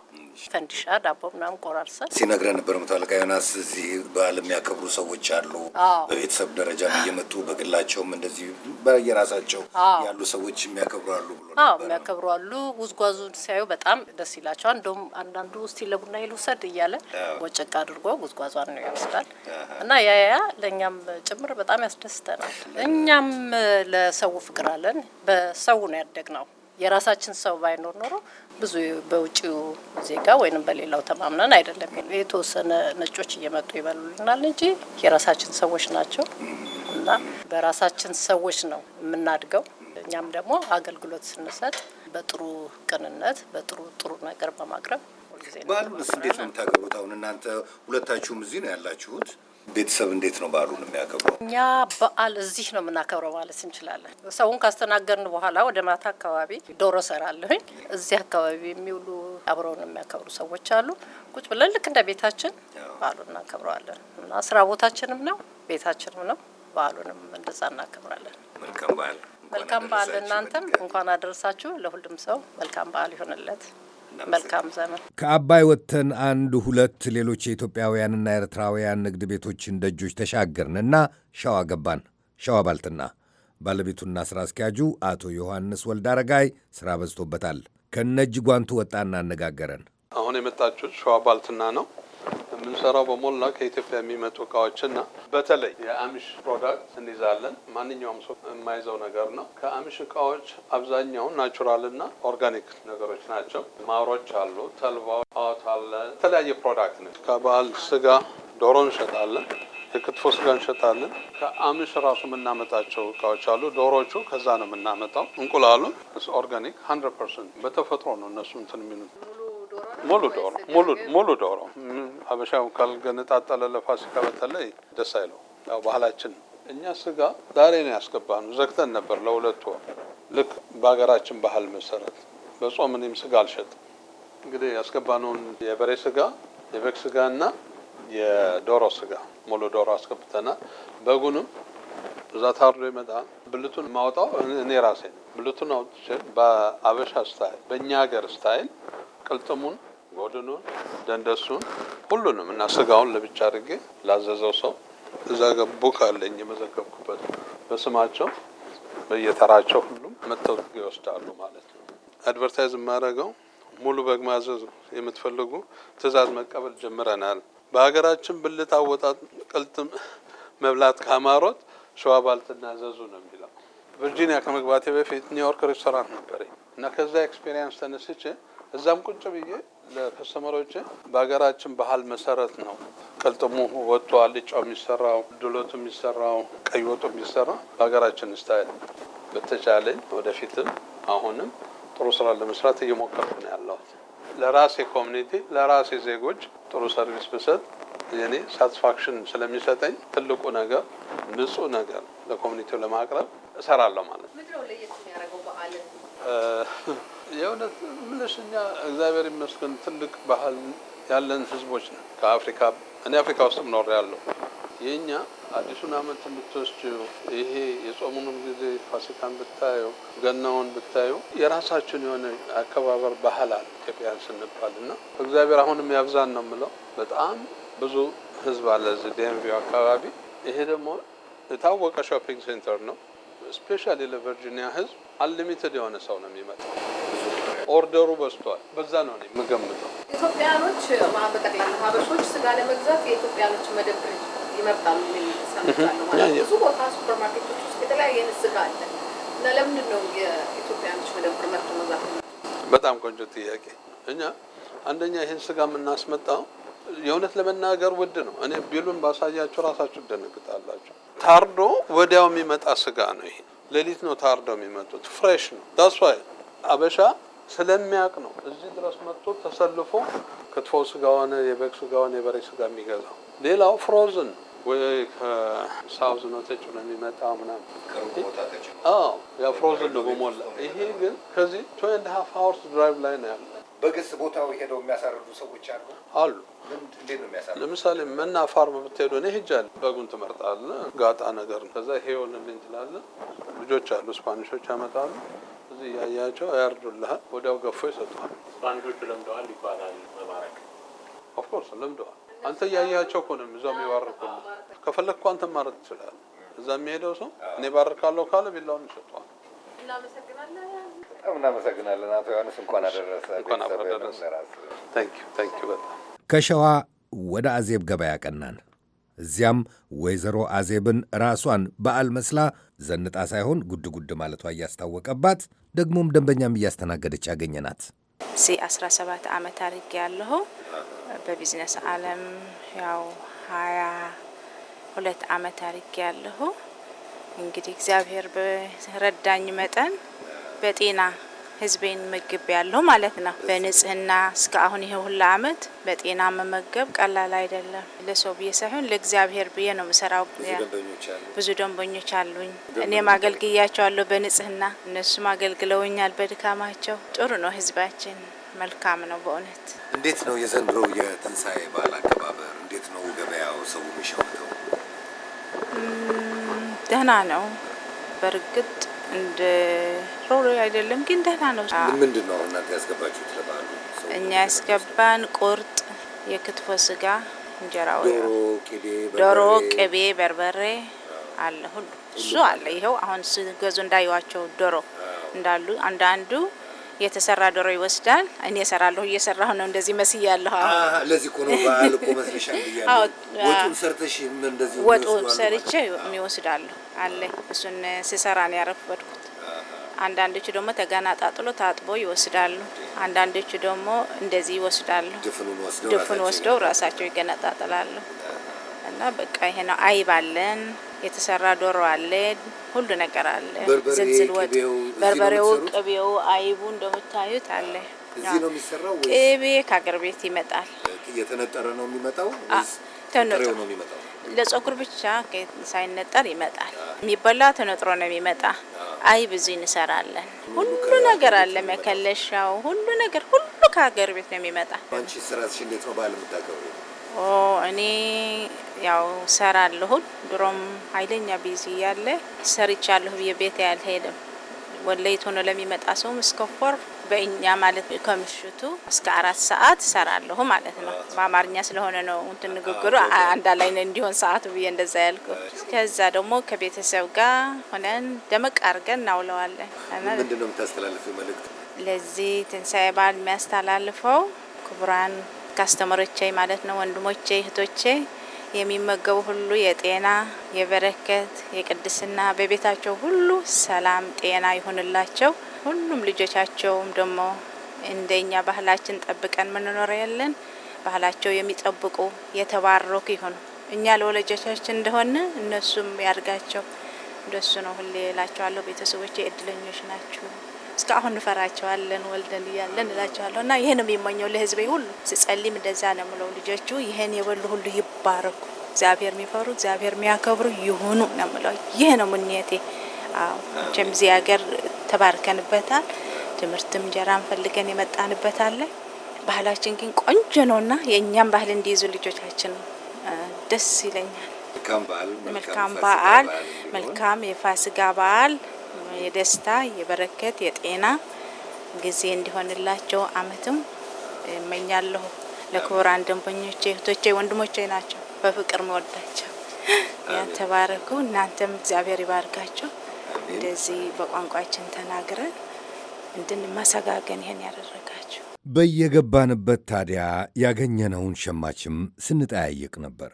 ፈንዲሻ ዳቦ ምናምን ቆራርሰን ሲነግረን ነበር። መቶ ዮናስ እዚህ በዓል የሚያከብሩ ሰዎች አሉ፣ በቤተሰብ ደረጃ እየመጡ በግላቸውም እንደዚህ በየራሳቸው ያሉ ሰዎች የሚያከብሩ አሉ ብሎ የሚያከብሩ አሉ። ውዝጓዙ ሲያዩ በጣም ደስ ይላቸዋል። እንደውም አንዳንዱ ውስጥ ለቡና ይልውሰድ እያለ ወጭቅ አድርጎ ውዝጓዟን ነው ይወስዳል። እና ያያ ለእኛም ጭምር በጣም ያስደስተናል። እኛም ለሰው ፍቅር አለን። በሰው ነው ያደግ ነው የራሳችን ሰው ባይኖር ኖሮ ብዙ በውጭው ዜጋ ወይንም በሌላው ተማምነን አይደለም። የተወሰነ ነጮች እየመጡ ይበሉልናል እንጂ የራሳችን ሰዎች ናቸው እና በራሳችን ሰዎች ነው የምናድገው። እኛም ደግሞ አገልግሎት ስንሰጥ በጥሩ ቅንነት በጥሩ ጥሩ ነገር በማቅረብ ባሉንስ እንዴት ነው የምታገቡት? አሁን እናንተ ሁለታችሁም እዚህ ነው ያላችሁት ቤተሰብ እንዴት ነው በዓሉን የሚያከብረው? እኛ በዓል እዚህ ነው የምናከብረው ማለት እንችላለን። ሰውን ካስተናገርን በኋላ ወደ ማታ አካባቢ ዶሮ ሰራለሁኝ። እዚህ አካባቢ የሚውሉ አብረውን የሚያከብሩ ሰዎች አሉ። ቁጭ ብለን ልክ እንደ ቤታችን በዓሉን እናከብረዋለን እና ስራ ቦታችንም ነው ቤታችንም ነው። በዓሉንም እንደዛ እናከብራለን። መልካም በዓል መልካም በዓል። እናንተም እንኳን አደረሳችሁ። ለሁሉም ሰው መልካም በዓል ይሆንለት። መልካም ዘመን። ከአባይ ወጥተን አንድ ሁለት ሌሎች የኢትዮጵያውያንና ኤርትራውያን ንግድ ቤቶችን ደጆች ተሻገርን እና ሸዋ ገባን። ሸዋ ባልትና ባለቤቱና ስራ አስኪያጁ አቶ ዮሐንስ ወልድ አረጋይ ስራ በዝቶበታል። ከነጅ ጓንቱ ወጣና አነጋገረን። አሁን የመጣችሁት ሸዋ ባልትና ነው የምንሰራው በሞላ ከኢትዮጵያ የሚመጡ እቃዎችና በተለይ የአምሽ ፕሮዳክት እንይዛለን። ማንኛውም ሰው የማይዘው ነገር ነው። ከአምሽ እቃዎች አብዛኛው ናቹራልና ኦርጋኒክ ነገሮች ናቸው። ማሮች አሉ፣ ተልባ አወት አለ፣ የተለያየ ፕሮዳክት ነው። ከባህል ስጋ ዶሮ እንሸጣለን። የክትፎ ስጋ እንሸጣለን። ከአምሽ ራሱ የምናመጣቸው እቃዎች አሉ። ዶሮቹ ከዛ ነው የምናመጣው። እንቁላሉ ኦርጋኒክ ሀንድረድ ፐርሰንት በተፈጥሮ ነው እነሱ እንትን የሚሉት ሙሉ ዶሮ ሙሉ ዶሮ ሀበሻው ካልገነጣጠለ ለፋሲካ በተለይ ደስ አይለው። ያው ባህላችን እኛ ስጋ ዛሬ ነው ያስገባነው። ዘግተን ነበር ለሁለት ወር። ልክ በሀገራችን ባህል መሰረት በጾም እኔም ስጋ አልሸጥም። እንግዲህ ያስገባነውን የበሬ ስጋ፣ የበግ ስጋ እና የዶሮ ስጋ ሙሉ ዶሮ አስገብተናል። በጉንም እዛ ታርዶ ይመጣል። ብልቱን ማውጣው እኔ ራሴ ብልቱን አውጥቼ በአበሻ ስታይል፣ በእኛ ሀገር ስታይል ቅልጥሙን፣ ጎድኑን፣ ደንደሱን ሁሉንም እና ስጋውን ለብቻ አድርጌ ላዘዘው ሰው እዛ ጋ ቡክ አለኝ የመዘገብኩበት በስማቸው በየተራቸው ሁሉም መጥተው ይወስዳሉ ማለት ነው። አድቨርታይዝ የማደርገው ሙሉ በግ ማዘዝ የምትፈልጉ ትእዛዝ መቀበል ጀምረናል። በሀገራችን ብልት አወጣት ቅልጥም መብላት ካማሮት ሸዋ ባልትና ዘዙ ነው የሚለው። ቨርጂኒያ ከመግባቴ በፊት ኒውዮርክ ሬስቶራንት ነበረኝ እና ከዛ ኤክስፔሪንስ ተነስቼ እዛም ቁጭ ብዬ ለከስተመሮች በሀገራችን ባህል መሰረት ነው ቅልጥሙ ወጥቶ አልጫው የሚሰራው፣ ድሎቱ የሚሰራው፣ ቀይ ወጡ የሚሰራ በሀገራችን ስታይል። በተቻለኝ ወደፊትም አሁንም ጥሩ ስራ ለመስራት እየሞከርኩ ነው ያለሁት። ለራሴ ኮሚኒቲ ለራሴ ዜጎች ጥሩ ሰርቪስ ብሰጥ የኔ ሳትስፋክሽን ስለሚሰጠኝ ትልቁ ነገር ንጹህ ነገር ለኮሚኒቲው ለማቅረብ እሰራለሁ ማለት ነው። የእውነት ምልሽ እኛ እግዚአብሔር ይመስገን ትልቅ ባህል ያለን ህዝቦች ነን። ከአፍሪካ እኔ አፍሪካ ውስጥም ኖር ያለው የእኛ አዲሱን አመት ብትወስጂው ይሄ የጾሙንም ጊዜ ፋሲካን ብታየው፣ ገናውን ብታየው የራሳችን የሆነ አከባበር ባህል አለ ኢትዮጵያን ስንባል እና እግዚአብሔር አሁንም ያብዛን ነው የምለው። በጣም ብዙ ህዝብ አለ እዚህ ዴንቪው አካባቢ። ይሄ ደግሞ የታወቀ ሾፒንግ ሴንተር ነው። ስፔሻሊ ለቨርጂኒያ ህዝብ አንሊሚትድ የሆነ ሰው ነው የሚመጣው። ኦርደሩ በዝቷል። በዛ ነው እኔ የምገምተው። ኢትዮጵያኖች በጠቅላላ ሀበሾች ስጋ ለመግዛት የኢትዮጵያኖች መደብር ይመርጣሉ የሚል ሰምቻለሁ። ብዙ ቦታ ሱፐር ማርኬቶች ውስጥ የተለያየ አይነት ስጋ አለ እና ለምንድን ነው የኢትዮጵያኖች መደብር መርጦ መግዛት? በጣም ቆንጆ ጥያቄ። እኛ አንደኛ ይህን ስጋ የምናስመጣው የእውነት ለመናገር ውድ ነው። እኔ ቢሉን ባሳያቸው ራሳችሁ ደነግጣላችሁ። ታርዶ ወዲያው የሚመጣ ስጋ ነው። ይሄ ሌሊት ነው ታርዶ የሚመጡት። ፍሬሽ ነው። ዳስ ዋይ አበሻ ስለሚያውቅ ነው እዚህ ድረስ መጥቶ ተሰልፎ ክትፎ ስጋውን፣ የበግ ስጋውን፣ የበሬ ስጋ የሚገዛው። ሌላው ፍሮዝን ወይ ከሳውዝ ነው ተጭኖ የሚመጣ ምናምን ፍሮዝን ነው በሞላ። ይሄ ግን ከዚህ ቱ ኤንድ ሀፍ ሀውርስ ድራይቭ ላይ ነው ያለ። በግስ ቦታው ሄደው የሚያሳርዱ ሰዎች አሉ አሉ ለምሳሌ መና ፋርም ብትሄዱ እኔ ሄጃለሁ። በጉን ትመርጣለ ጋጣ ነገር ነው። ከዛ ይሄ ሆንልኝ ትላለ ልጆች አሉ፣ ስፓኒሾች ያመጣሉ። እዚህ እያያቸው ያርዱልሃል፣ ወዲያው ገፎ ይሰጡሃል። ስፓኒሾቹ ለምደዋል ይባላል። መባረክ ኦፍኮርስ ለምደዋል። አንተ እያያቸው እኮ እዛ እዛው ከፈለግኩ አንተ ማረት ትችላል እዛ የሚሄደው ሰው እኔ ባርካለሁ ካለ ቢላውን ይሰጠዋል። በጣም እናመሰግናለን አቶ ዮሐንስ። እንኳን አደረሰ። ቤተሰብ ራስ በጣም ከሸዋ ወደ አዜብ ገበያ ቀናን። እዚያም ወይዘሮ አዜብን ራሷን በዓል መስላ ዘንጣ ሳይሆን ጉድ ጉድ ማለቷ እያስታወቀባት ደግሞም ደንበኛም እያስተናገደች ያገኘናት። ሴ 17 ዓመት አድርጌ ያለሁ በቢዝነስ ዓለም ያው ሀያ ሁለት ዓመት አድርጌ ያለሁ። እንግዲህ እግዚአብሔር በረዳኝ መጠን በጤና ህዝቤን ምግብ ያለው ማለት ነው። በንጽህና እስከ አሁን ይሄ ሁላ አመት በጤና መመገብ ቀላል አይደለም። ለሰው ብዬ ሳይሆን ለእግዚአብሔር ብዬ ነው ምሰራው። ብዙ ደንበኞች አሉኝ፣ እኔም አገልግያቸዋለሁ በንጽህና እነሱም አገልግለውኛል። በድካማቸው ጥሩ ነው። ህዝባችን መልካም ነው በእውነት። እንዴት ነው የዘንድሮው የትንሣኤ በዓል አከባበር? እንዴት ነው ገበያው? ሰው የሚሸምተው ደህና ነው በእርግጥ እንደ ሮሮ አይደለም ግን ደህና ነው። ምንድን ነው እናንተ ያስገባችሁት ለበዓሉ? እኛ ያስገባን ቁርጥ፣ የክትፎ ስጋ፣ እንጀራው፣ ዶሮ፣ ቅቤ፣ በርበሬ አለ ሁሉ እሱ አለ። ይኸው አሁን ስገዙ እንዳየዋቸው ዶሮ እንዳሉ አንዳንዱ የተሰራ ዶሮ ይወስዳል። እኔ እሰራለሁ፣ እየሰራሁ ነው። እንደዚህ መስያለሁ። አዎ፣ ለዚህ እኮ በዓል እኮ መስለሻል ብያለሁ። ሰርተሽ እንደዚህ ወጡን ሰርቼ የሚወስዳለሁ አለ። እሱን ስሰራ ነው ያረፈድኩት። አንዳንዶቹ ደግሞ ተገናጣጥሎ ታጥቦ ይወስዳሉ። አንዳንዶቹ ደግሞ እንደዚህ ይወስዳሉ። ድፍኑን ወስደው ራሳቸው ይገነጣጥላሉ። እና በቃ ይሄ ነው አይባለን የተሰራ ዶሮ አለ፣ ሁሉ ነገር አለ። ዝልዝል ወጥ፣ በርበሬው፣ ቅቤው፣ አይቡ እንደምታዩት አለ። ቤ ከሀገር ቅቤ ቤት ይመጣል። የተነጠረ ነው የሚመጣው ለጸጉር ብቻ ሳይነጠር ይመጣል። የሚበላ ተነጥሮ ነው የሚመጣ። አይ ብዙ እንሰራለን። ሁሉ ነገር አለ፣ መከለሻው፣ ሁሉ ነገር ሁሉ ከሀገር ቤት ነው የሚመጣ። አንቺ ስራሽ እንዴት ነው? በዓል የምታከብሪው እኔ ያው ሰራለሁን ድሮም ኃይለኛ ቢዚ ያለ ሰርቻለሁ ብዬ ቤት ያልሄድም ወለይት ሆኖ ለሚመጣ ሰውም እስከ ፎር በእኛ ማለት ከምሽቱ እስከ አራት ሰዓት ሰራለሁ ማለት ነው። በአማርኛ ስለሆነ ነው እንትን ንግግሩ አንዳ ላይ እንዲሆን ሰዓቱ ብዬ እንደዛ ያልኩ። ከዛ ደግሞ ከቤተሰብ ጋር ሆነን ደመቅ አድርገን እናውለዋለን። ምንድነው የምታስተላልፈው መልእክት? ለዚህ ትንሣኤ በዓል የሚያስተላልፈው ክቡራን ካስተመሮቼ ማለት ነው ወንድሞቼ እህቶቼ የሚመገቡ ሁሉ የጤና የበረከት የቅድስና በቤታቸው ሁሉ ሰላም ጤና ይሁንላቸው። ሁሉም ልጆቻቸውም ደግሞ እንደኛ ባህላችን ጠብቀን ምንኖር ያለን ባህላቸው የሚጠብቁ የተባረኩ ይሁኑ። እኛ ለወላጆቻችን እንደሆነ እነሱም ያድርጋቸው። እንደሱ ነው ሁሌ እላቸዋለሁ። ቤተሰቦቼ እድለኞች ናችሁ። እስካሁን እንፈራቸዋለን ወልደን እያለን እላቸዋለሁ። እና ይሄ ነው የሚመኘው ለህዝቤ ሁሉ። ስጸልም እንደዛ ነው ምለው፣ ልጆቹ ይሄን የበሉ ሁሉ ይባረኩ፣ እግዚአብሔር የሚፈሩ እግዚአብሔር የሚያከብሩ ይሁኑ ነው ምለው። ይሄ ነው ምንየቴ። ቸም እዚህ ሀገር ተባርከንበታል። ትምህርትም እንጀራን ፈልገን የመጣንበታለ። ባህላችን ግን ቆንጆ ነው እና የእኛም ባህል እንዲይዙ ልጆቻችን ደስ ይለኛል። መልካም በዓል መልካም የፋሲካ በዓል የደስታ የበረከት የጤና ጊዜ እንዲሆንላቸው አመትም እመኛለሁ። ለክቡራን ደንበኞቼ እህቶቼ፣ ወንድሞቼ ናቸው በፍቅር መወዳቸው ያተባረኩ። እናንተም እግዚአብሔር ይባርካቸው። እንደዚህ በቋንቋችን ተናግረን እንድንመሰጋገን ይሄን ያደረጋቸው በየገባንበት ታዲያ ያገኘነውን ሸማችም ስንጠያየቅ ነበር።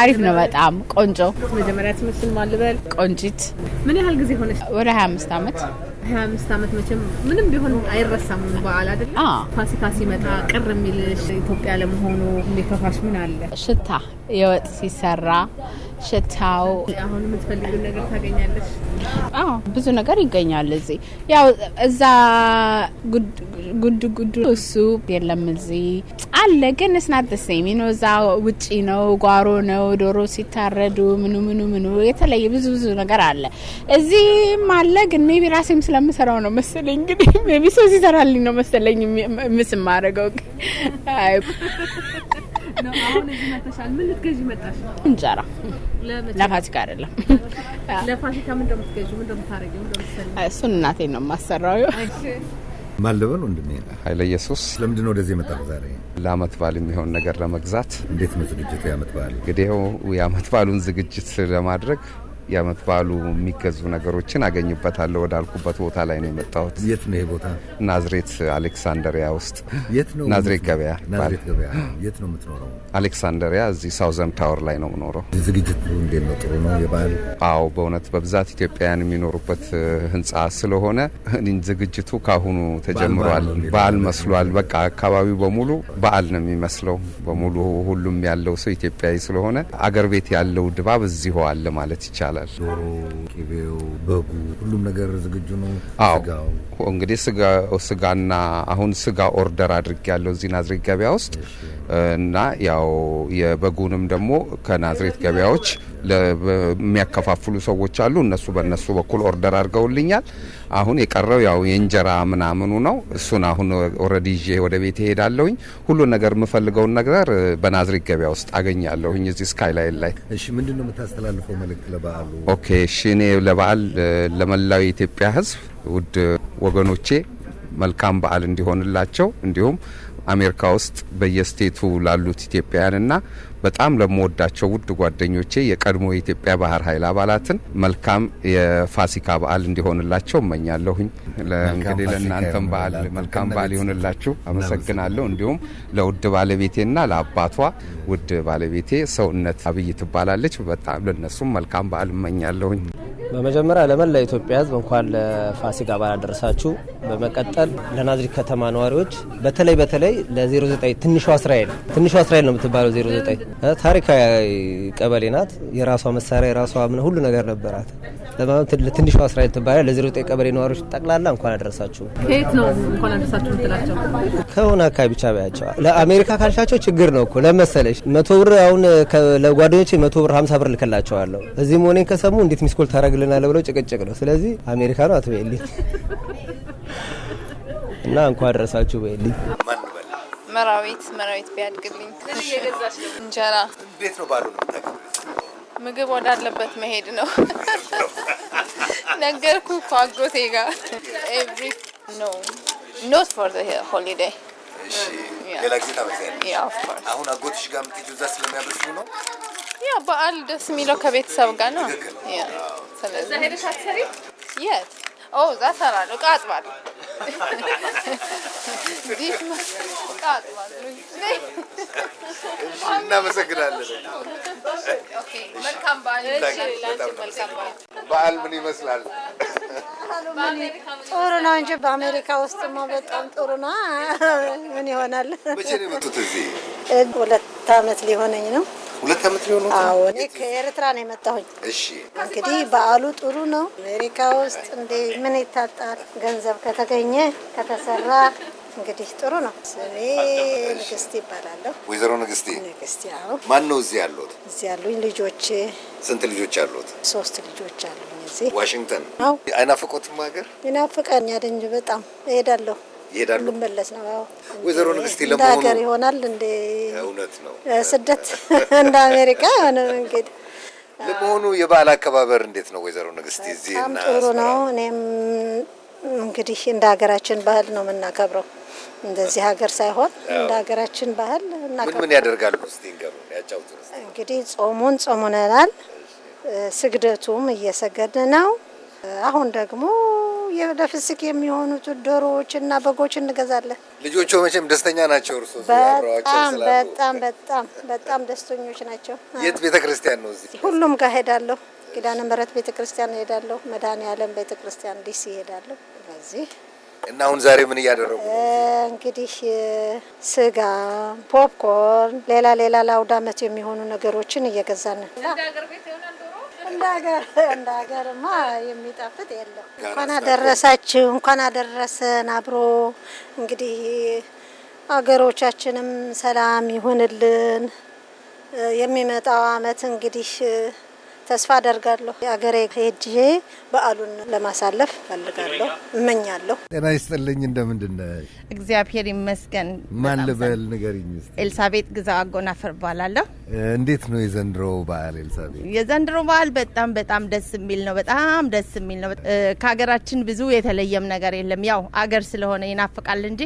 አሪፍ ነው። በጣም ቆንጆ። መጀመሪያ ስምሽን ማልበል ቆንጂት። ምን ያህል ጊዜ ሆነ? ወደ አምስት አመት ዓመት። አምስት አመት መቼም ምንም ቢሆን አይረሳም በዓል አይደለ? ፋሲካ ሲመጣ ቅር የሚልሽ ኢትዮጵያ ለመሆኑ የሚከፋሽ ምን አለ? ሽታ የወጥ ሲሰራ ሽታው። አሁን የምትፈልጊውን ነገር ታገኛለሽ። አዎ ብዙ ነገር ይገኛል እዚህ። ያው እዛ ጉድ ጉድ እሱ የለም እዚህ አለ፣ ግን እስናት ሴም ነው። እዛ ውጪ ነው፣ ጓሮ ነው፣ ዶሮ ሲታረዱ ምኑ ምኑ ምኑ የተለየ ብዙ ብዙ ነገር አለ። እዚህም አለ፣ ግን ሜቢ ራሴም ስለምሰራው ነው መሰለኝ። እንግዲህ ሜቢ ሰው ሲሰራልኝ ነው መሰለኝ ምስ ማድረገው እንጀራ ለፋሲካ አይደለም። ለፋሲካ ምን እንደምትገዢ ምን እንደምታረጊው እሱን እናቴን ነው የማሰራው። ማለበል ወንድሜ ኃይለ ኢየሱስ ለምንድን ነው ወደዚህ የመጣው ዛሬ? ለአመት በዓል የሚሆን ነገር ለመግዛት። እንዴት ነው ዝግጅቱ? የአመት በዓል እንግዲህ የአመት በዓሉን ዝግጅት ለማድረግ የአመት በዓሉ የሚገዙ ነገሮችን አገኝበታለሁ ወዳልኩበት ቦታ ላይ ነው የመጣሁት። የት ነው ቦታ? ናዝሬት አሌክሳንደሪያ ውስጥ። የት ነው? ናዝሬት ገበያ። ናዝሬት ገበያ። የት ነው የምትኖረው? አሌክሳንደሪያ፣ እዚህ ሳውዘን ታወር ላይ ነው የምኖረው። ዝግጅት እንዴት ነው? ጥሩ ነው የበዓል? አዎ፣ በእውነት በብዛት ኢትዮጵያውያን የሚኖሩበት ህንፃ ስለሆነ ዝግጅቱ ካሁኑ ተጀምሯል። በዓል መስሏል። በቃ አካባቢው በሙሉ በዓል ነው የሚመስለው። በሙሉ ሁሉም ያለው ሰው ኢትዮጵያዊ ስለሆነ አገር ቤት ያለው ድባብ እዚሁ አለ ማለት ይቻላል። ይባላል። ዶሮ፣ ቅቤው፣ በጉ ሁሉም ነገር ዝግጁ ነው። እንግዲህ ስጋና አሁን ስጋ ኦርደር አድርጌ ያለው እዚህ ናዝሬት ገበያ ውስጥ እና ያው የበጉንም ደግሞ ከናዝሬት ገበያዎች የሚያከፋፍሉ ሰዎች አሉ። እነሱ በእነሱ በኩል ኦርደር አድርገውልኛል። አሁን የቀረው ያው የእንጀራ ምናምኑ ነው። እሱን አሁን ኦልሬዲ ይዤ ወደ ቤት እሄዳለሁኝ። ሁሉን ነገር የምፈልገውን ነገር በናዝሬት ገበያ ውስጥ አገኛለሁኝ እዚህ ስካይላይን ላይ። እሺ፣ ምንድን ነው የምታስተላልፈው መልእክት ለበዓሉ? ኦኬ፣ እሺ፣ እኔ ለበዓል ለመላው የኢትዮጵያ ሕዝብ ውድ ወገኖቼ መልካም በዓል እንዲሆንላቸው እንዲሁም አሜሪካ ውስጥ በየስቴቱ ላሉት ኢትዮጵያውያንና በጣም ለምወዳቸው ውድ ጓደኞቼ የቀድሞ የኢትዮጵያ ባህር ኃይል አባላትን መልካም የፋሲካ በዓል እንዲሆንላቸው እመኛለሁኝ። እንግዲህ ለእናንተም በዓል መልካም በዓል ይሆንላችሁ። አመሰግናለሁ። እንዲሁም ለውድ ባለቤቴና ለአባቷ ውድ ባለቤቴ ሰውነት አብይ ትባላለች። በጣም ለነሱም መልካም በዓል እመኛለሁኝ። በመጀመሪያ ለመላ ኢትዮጵያ ሕዝብ እንኳን ለፋሲካ በዓል አደረሳችሁ። በመቀጠል ለናዝሪት ከተማ ነዋሪዎች በተለይ በተለይ ለ09 ትንሿ እስራኤል ትንሿ እስራኤል ነው የምትባለው 09 ታሪካዊ ቀበሌ ናት። የራሷ መሳሪያ የራሷ ምን ሁሉ ነገር ነበራት። ለማለት ለትንሿ እስራኤል ትባላ ለዜሮ ዘጠኝ ቀበሌ ነዋሪዎች ጠቅላላ እንኳን አደረሳችሁ። ከየት ነው እንኳን አደረሳችሁ ምትላቸው? ከሆነ አካባቢ ብቻ ባያቸዋል። ለአሜሪካ ካልሻቸው ችግር ነው እኮ ለመሰለሽ መቶ ብር አሁን ለጓደኞች መቶ ብር ሀምሳ ብር ልክላቸዋለሁ። እዚህ መሆኔን ከሰሙ እንዴት ሚስኮል ታደረግልናለ ብለው ጭቅጭቅ ነው። ስለዚህ አሜሪካ ነው አትበይልኝ እና እንኳን አደረሳችሁ በይልኝ መራዊት መራዊት ቢያድግልኝ እንጀራ ቤት ነው ባሉ ምግብ ወዳለበት መሄድ ነው። ነገርኩ እኮ አጎቴ ጋር ኤቭሪ ኖ ኖት ፎር ዘ ሆሊዴይ ሌላ አሁን አጎትሽ ጋር የምትሄጂው እዛ ስለሚያበሱ ነው። ያ በዓል ደስ የሚለው ከቤተሰብ ጋር ነው። ስለዚህ የት እዛ እሰራለሁ፣ እቃ አጥባለሁ፣ እናመሰግናለን። በዓል። ምን ይመስላል? ጥሩ ነው እንጂ በአሜሪካ ውስጥማ በጣም ጥሩ ነው። ምን ይሆናል? ሁለት አመት ሊሆነኝ ነው። ሁለት ዓመት ሊሆን ነው። እኔ ከኤርትራ ነው የመጣሁኝ። እሺ እንግዲህ በዓሉ ጥሩ ነው። አሜሪካ ውስጥ እንደ ምን ይታጣል? ገንዘብ ከተገኘ ከተሰራ እንግዲህ ጥሩ ነው። ስሜ ንግስት ይባላለሁ። ወይዘሮ ንግስቴ ንግስቴ። አዎ ማን ነው እዚህ ያሉት? እዚህ ያሉኝ ልጆቼ። ስንት ልጆች አሉት? ሶስት ልጆች አሉኝ እዚህ ዋሽንግተን። አዎ አይናፍቆትም ሀገር? ይናፍቀኛል እንጂ በጣም እሄዳለሁ ይሄዳሉ። ልመለስ ነው። ወይዘሮ ንግስቲ ለመሆኑ ሀገር ይሆናል እንዴ? እውነት ነው። ስደት እንደ አሜሪካ ሆነ እንግዲህ። ለመሆኑ የበዓል አከባበር እንዴት ነው ወይዘሮ ንግስቲ? እዚህ እና ጥሩ ነው። እኔም እንግዲህ እንደ ሀገራችን ባህል ነው የምናከብረው እንደዚህ ሀገር ሳይሆን እንደ ሀገራችን ባህል እና ምን ያደርጋሉ? እስቲ እንገሩ ያጫውቱ። እንግዲህ ጾሙን ጾሙነናል፣ ስግደቱም እየሰገድ ነው አሁን ደግሞ ለፍስክ የሚሆኑት ዶሮዎች እና በጎች እንገዛለን። ልጆቹ መቼም ደስተኛ ናቸው። እርሶ በጣም በጣም በጣም በጣም ደስተኞች ናቸው። የት ቤተ ክርስቲያን ነው? እዚህ ሁሉም ጋር ሄዳለሁ። ኪዳነ ምሕረት ቤተ ክርስቲያን ሄዳለሁ። መድኃኔዓለም ቤተ ክርስቲያን ዲሲ ሄዳለሁ። በዚህ እና አሁን ዛሬ ምን እያደረጉ እንግዲህ ስጋ፣ ፖፕኮርን፣ ሌላ ሌላ ለአውደ ዓመት የሚሆኑ ነገሮችን እየገዛን እንደ ሀገርማ የሚጣፍጥ የለም። እንኳን አደረሳችሁ፣ እንኳን አደረሰን። አብሮ እንግዲህ አገሮቻችንም ሰላም ይሁንልን። የሚመጣው አመት እንግዲህ ተስፋ አደርጋለሁ። አገሬ ሄጄ በዓሉን ለማሳለፍ ፈልጋለሁ፣ እመኛለሁ። ጤና ይስጥልኝ። እንደምንድነ? እግዚአብሔር ይመስገን። ማን ልበል ንገሪኝ እስኪ። ኤልሳቤጥ ግዛ አጎናፍር እባላለሁ። እንዴት ነው የዘንድሮ በዓል ኤልሳቤጥ? የዘንድሮ በዓል በጣም በጣም ደስ የሚል ነው። በጣም ደስ የሚል ነው። ከሀገራችን ብዙ የተለየም ነገር የለም። ያው አገር ስለሆነ ይናፍቃል እንጂ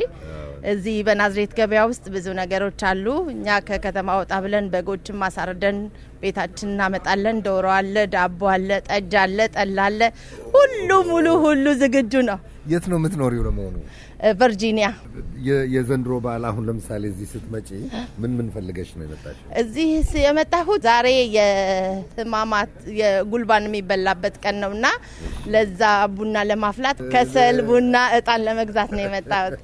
እዚህ በናዝሬት ገበያ ውስጥ ብዙ ነገሮች አሉ። እኛ ከከተማ ወጣ ብለን በጎችን ማሳርደን ቤታችን እናመጣለን። ዶሮ አለ፣ ዳቦ አለ፣ ጠጅ አለ፣ ጠላ አለ። ሁሉ ሙሉ ሁሉ ዝግጁ ነው። የት ነው የምትኖሪው ለመሆኑ? ቨርጂኒያ። የዘንድሮ በዓል አሁን ለምሳሌ እዚህ ስትመጪ ምን ምን ፈልገሽ ነው የመጣሽ? እዚህ የመጣሁት ዛሬ የህማማት የጉልባን የሚበላበት ቀን ነው እና ለዛ ቡና ለማፍላት ከሰል፣ ቡና፣ እጣን ለመግዛት ነው የመጣሁት።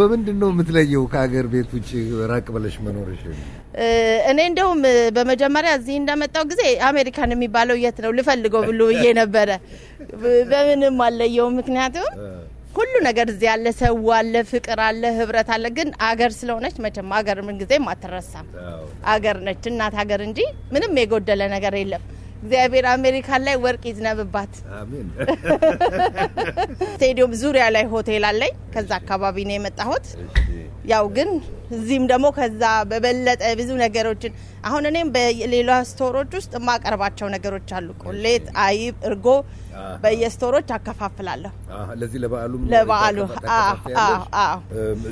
በምንድን ነው የምትለየው ከሀገር ቤት ውጭ ራቅ ብለሽ መኖርሽ? እኔ እንደውም በመጀመሪያ እዚህ እንደመጣው ጊዜ አሜሪካን የሚባለው የት ነው ልፈልገው ብሎ ብዬ ነበረ። በምንም አለየው ምክንያቱም ሁሉ ነገር እዚህ ያለ ሰው አለ፣ ፍቅር አለ፣ ህብረት አለ። ግን አገር ስለሆነች መቼም አገር ምን ጊዜም አትረሳም። አገር ነች እናት ሀገር እንጂ ምንም የጎደለ ነገር የለም። እግዚአብሔር አሜሪካን ላይ ወርቅ ይዝነብባት። ስቴዲየም ዙሪያ ላይ ሆቴል አለኝ። ከዛ አካባቢ ነው የመጣሁት። ያው ግን እዚህም ደግሞ ከዛ በበለጠ ብዙ ነገሮችን አሁን እኔም በሌላ ስቶሮች ውስጥ የማቀርባቸው ነገሮች አሉ። ቆሌት፣ አይብ፣ እርጎ በየስቶሮች አከፋፍላለሁ። ለዚህ ለበዓሉ ለበዓሉ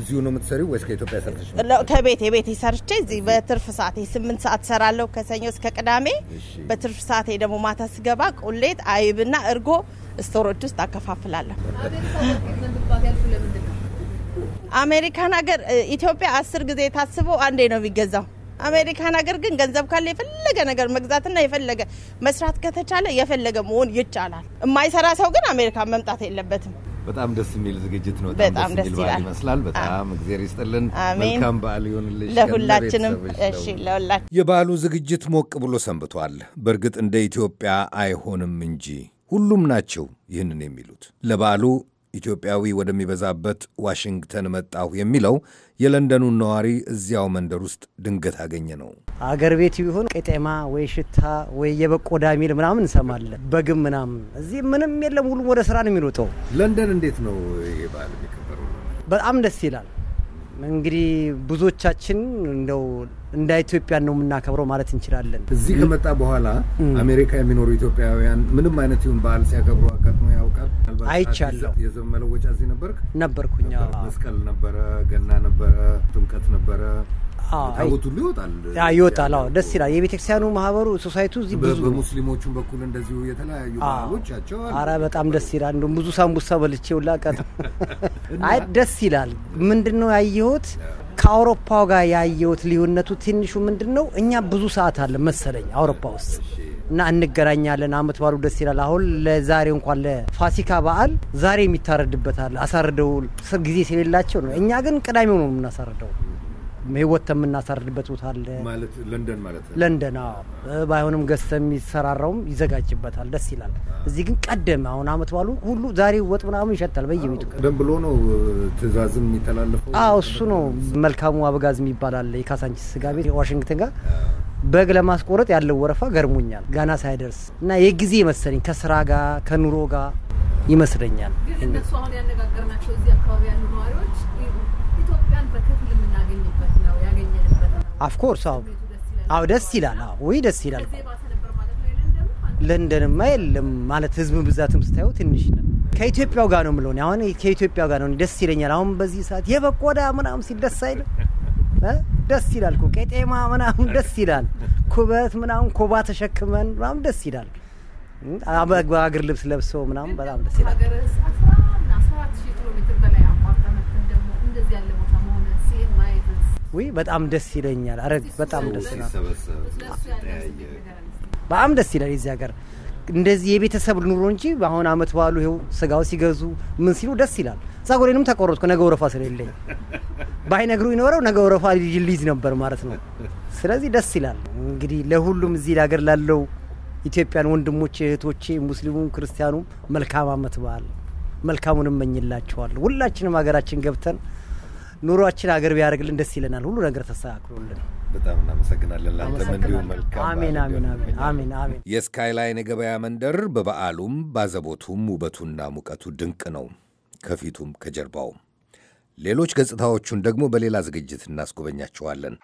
እዚሁ ነው የምትሰሪው ወይስ ከኢትዮጵያ ሰርተሽ? ከቤት ቤቴ ሰርቼ እዚህ በትርፍ ሰዓቴ ስምንት ሰዓት ሰራለሁ ከሰኞ እስከ ቅዳሜ። በትርፍ ሰዓቴ ደግሞ ማታ ስገባ ቆሌት፣ አይብና እርጎ ስቶሮች ውስጥ አከፋፍላለሁ። አሜሪካን ሀገር ኢትዮጵያ አስር ጊዜ ታስቦ አንዴ ነው የሚገዛው። አሜሪካን ሀገር ግን ገንዘብ ካለ የፈለገ ነገር መግዛትና የፈለገ መስራት ከተቻለ የፈለገ መሆን ይቻላል። የማይሰራ ሰው ግን አሜሪካን መምጣት የለበትም። በጣም ደስ የሚል ዝግጅት ነው። በጣም ደስ ይላል ይመስላል። በጣም እግዚአብሔር ይስጥልን። መልካም በዓል ይሆንልሽ ለሁላችንም። እሺ ለሁላችን። የበዓሉ ዝግጅት ሞቅ ብሎ ሰንብቷል። በእርግጥ እንደ ኢትዮጵያ አይሆንም እንጂ ሁሉም ናቸው ይህንን የሚሉት ለበዓሉ ኢትዮጵያዊ ወደሚበዛበት ዋሽንግተን መጣሁ የሚለው የለንደኑን ነዋሪ እዚያው መንደር ውስጥ ድንገት አገኘ ነው። አገር ቤት ቢሆን ቄጤማ ወይ ሽታ ወይ የበቆዳ ሚል ምናምን እንሰማለን። በግም ምናምን እዚህ ምንም የለም። ሁሉም ወደ ስራ ነው የሚሮጠው። ለንደን እንዴት ነው ይሄ በዓል የሚከበረው? በጣም ደስ ይላል። እንግዲህ ብዙዎቻችን እንደው እንደ ኢትዮጵያ ነው የምናከብረው ማለት እንችላለን። እዚህ ከመጣ በኋላ አሜሪካ የሚኖሩ ኢትዮጵያውያን ምንም አይነት ይሁን በዓል ሲያከብሩ አጋጥሞ ያውቃል? አይቻለሁ። የዘመን መለወጫ እዚህ ነበርክ? ነበርኩኝ። መስቀል ነበረ፣ ገና ነበረ፣ ጥምቀት ነበረ። ታቦት ሁሉ ይወጣል ይወጣል። ደስ ይላል። የቤተክርስቲያኑ ማህበሩ ሶሳይቱ እዚህ ብዙ በሙስሊሞቹም በኩል እንደዚሁ የተለያዩ ባህሎቻቸው አረ በጣም ደስ ይላል። እንደውም ብዙ ሳምቡሳ በልቼ ሁላ ቀጥ አይ ደስ ይላል። ምንድን ነው ያየሁት ከአውሮፓው ጋር ያየሁት ልዩነቱ ትንሹ ምንድን ነው? እኛ ብዙ ሰዓት አለ መሰለኝ አውሮፓ ውስጥ እና እንገናኛለን። አመት ባሉ ደስ ይላል። አሁን ለዛሬ እንኳን ለፋሲካ በዓል ዛሬ የሚታረድበታል አሳርደው ጊዜ ስለሌላቸው ነው። እኛ ግን ቅዳሜው ነው የምናሳርደው። ህይወት የምናሳርድበት ቦታ አለ። ማለት ለንደን ማለት ነው። ለንደን አዎ። ባይሆንም ገዝተ የሚሰራራውም ይዘጋጅበታል። ደስ ይላል። እዚህ ግን ቀደም አሁን አመት ባሉ ሁሉ ዛሬ ወጥ ምናምን ይሸታል በየቤቱ ቀደም ብሎ ነው ትእዛዝም የሚተላለፈው። አዎ እሱ ነው። መልካሙ አበጋዝ የሚባል አለ የካሳንቺስ ስጋ ቤት ዋሽንግተን ጋር በግ ለማስቆረጥ ያለው ወረፋ ገርሞኛል። ገና ሳይደርስ እና የጊዜ መሰለኝ ከስራ ጋር ከኑሮ ጋር ይመስለኛል። ግን እነሱ አሁን ያነጋገርናቸው እዚህ አካባቢ ያሉ ነዋሪዎች አፍኮርስ አዎ፣ አዎ ደስ ይላል። ውይ ደስ ይላል። ለንደንማ የለም ማለት ህዝብ ብዛትም ስታየው ትንሽ ነው። ከኢትዮጵያው ጋር ነው የምለው አሁን ከኢትዮጵያ ጋር ነው ደስ ይለኛል። አሁን በዚህ ሰዓት የበቆዳ ምናምን ሲል ደስ አይልም? ደስ ይላል እኮ ቄጤማ ምናምን ደስ ይላል። ኩበት ምናምን ኮባ ተሸክመን ምናምን ደስ ይላል። አገር ልብስ ለብሶ ምናምን በጣም ደስ ይላል። ውይ በጣም ደስ ይለኛል። አረ በጣም ደስ ነው። በጣም ደስ ይላል። የዚህ ሀገር እንደዚህ የቤተሰብ ኑሮ እንጂ በአሁን አመት በዓሉ ይኸው ስጋው ሲገዙ ምን ሲሉ ደስ ይላል። ጸጉሬንም ተቆረጥኩ ነገ ወረፋ ስለሌለኝ ባይነግሩ ይኖረው ነገ ወረፋ ሊይዝ ነበር ማለት ነው። ስለዚህ ደስ ይላል። እንግዲህ ለሁሉም እዚህ ሀገር ላለው ኢትዮጵያን ወንድሞች እህቶቼ፣ ሙስሊሙም ክርስቲያኑም መልካም አመት በዓል መልካሙን እመኝላችኋለሁ። ሁላችንም ሀገራችን ገብተን ኑሯችን አገር ቢያደርግልን ደስ ይለናል። ሁሉ ነገር ተስተካክሎልን በጣም እናመሰግናለን። ለአንተም እንዲሁ መልካም። አሜን አሜን የስካይላይን የገበያ መንደር በበዓሉም ባዘቦቱም ውበቱና ሙቀቱ ድንቅ ነው፣ ከፊቱም ከጀርባውም። ሌሎች ገጽታዎቹን ደግሞ በሌላ ዝግጅት እናስጎበኛችኋለን።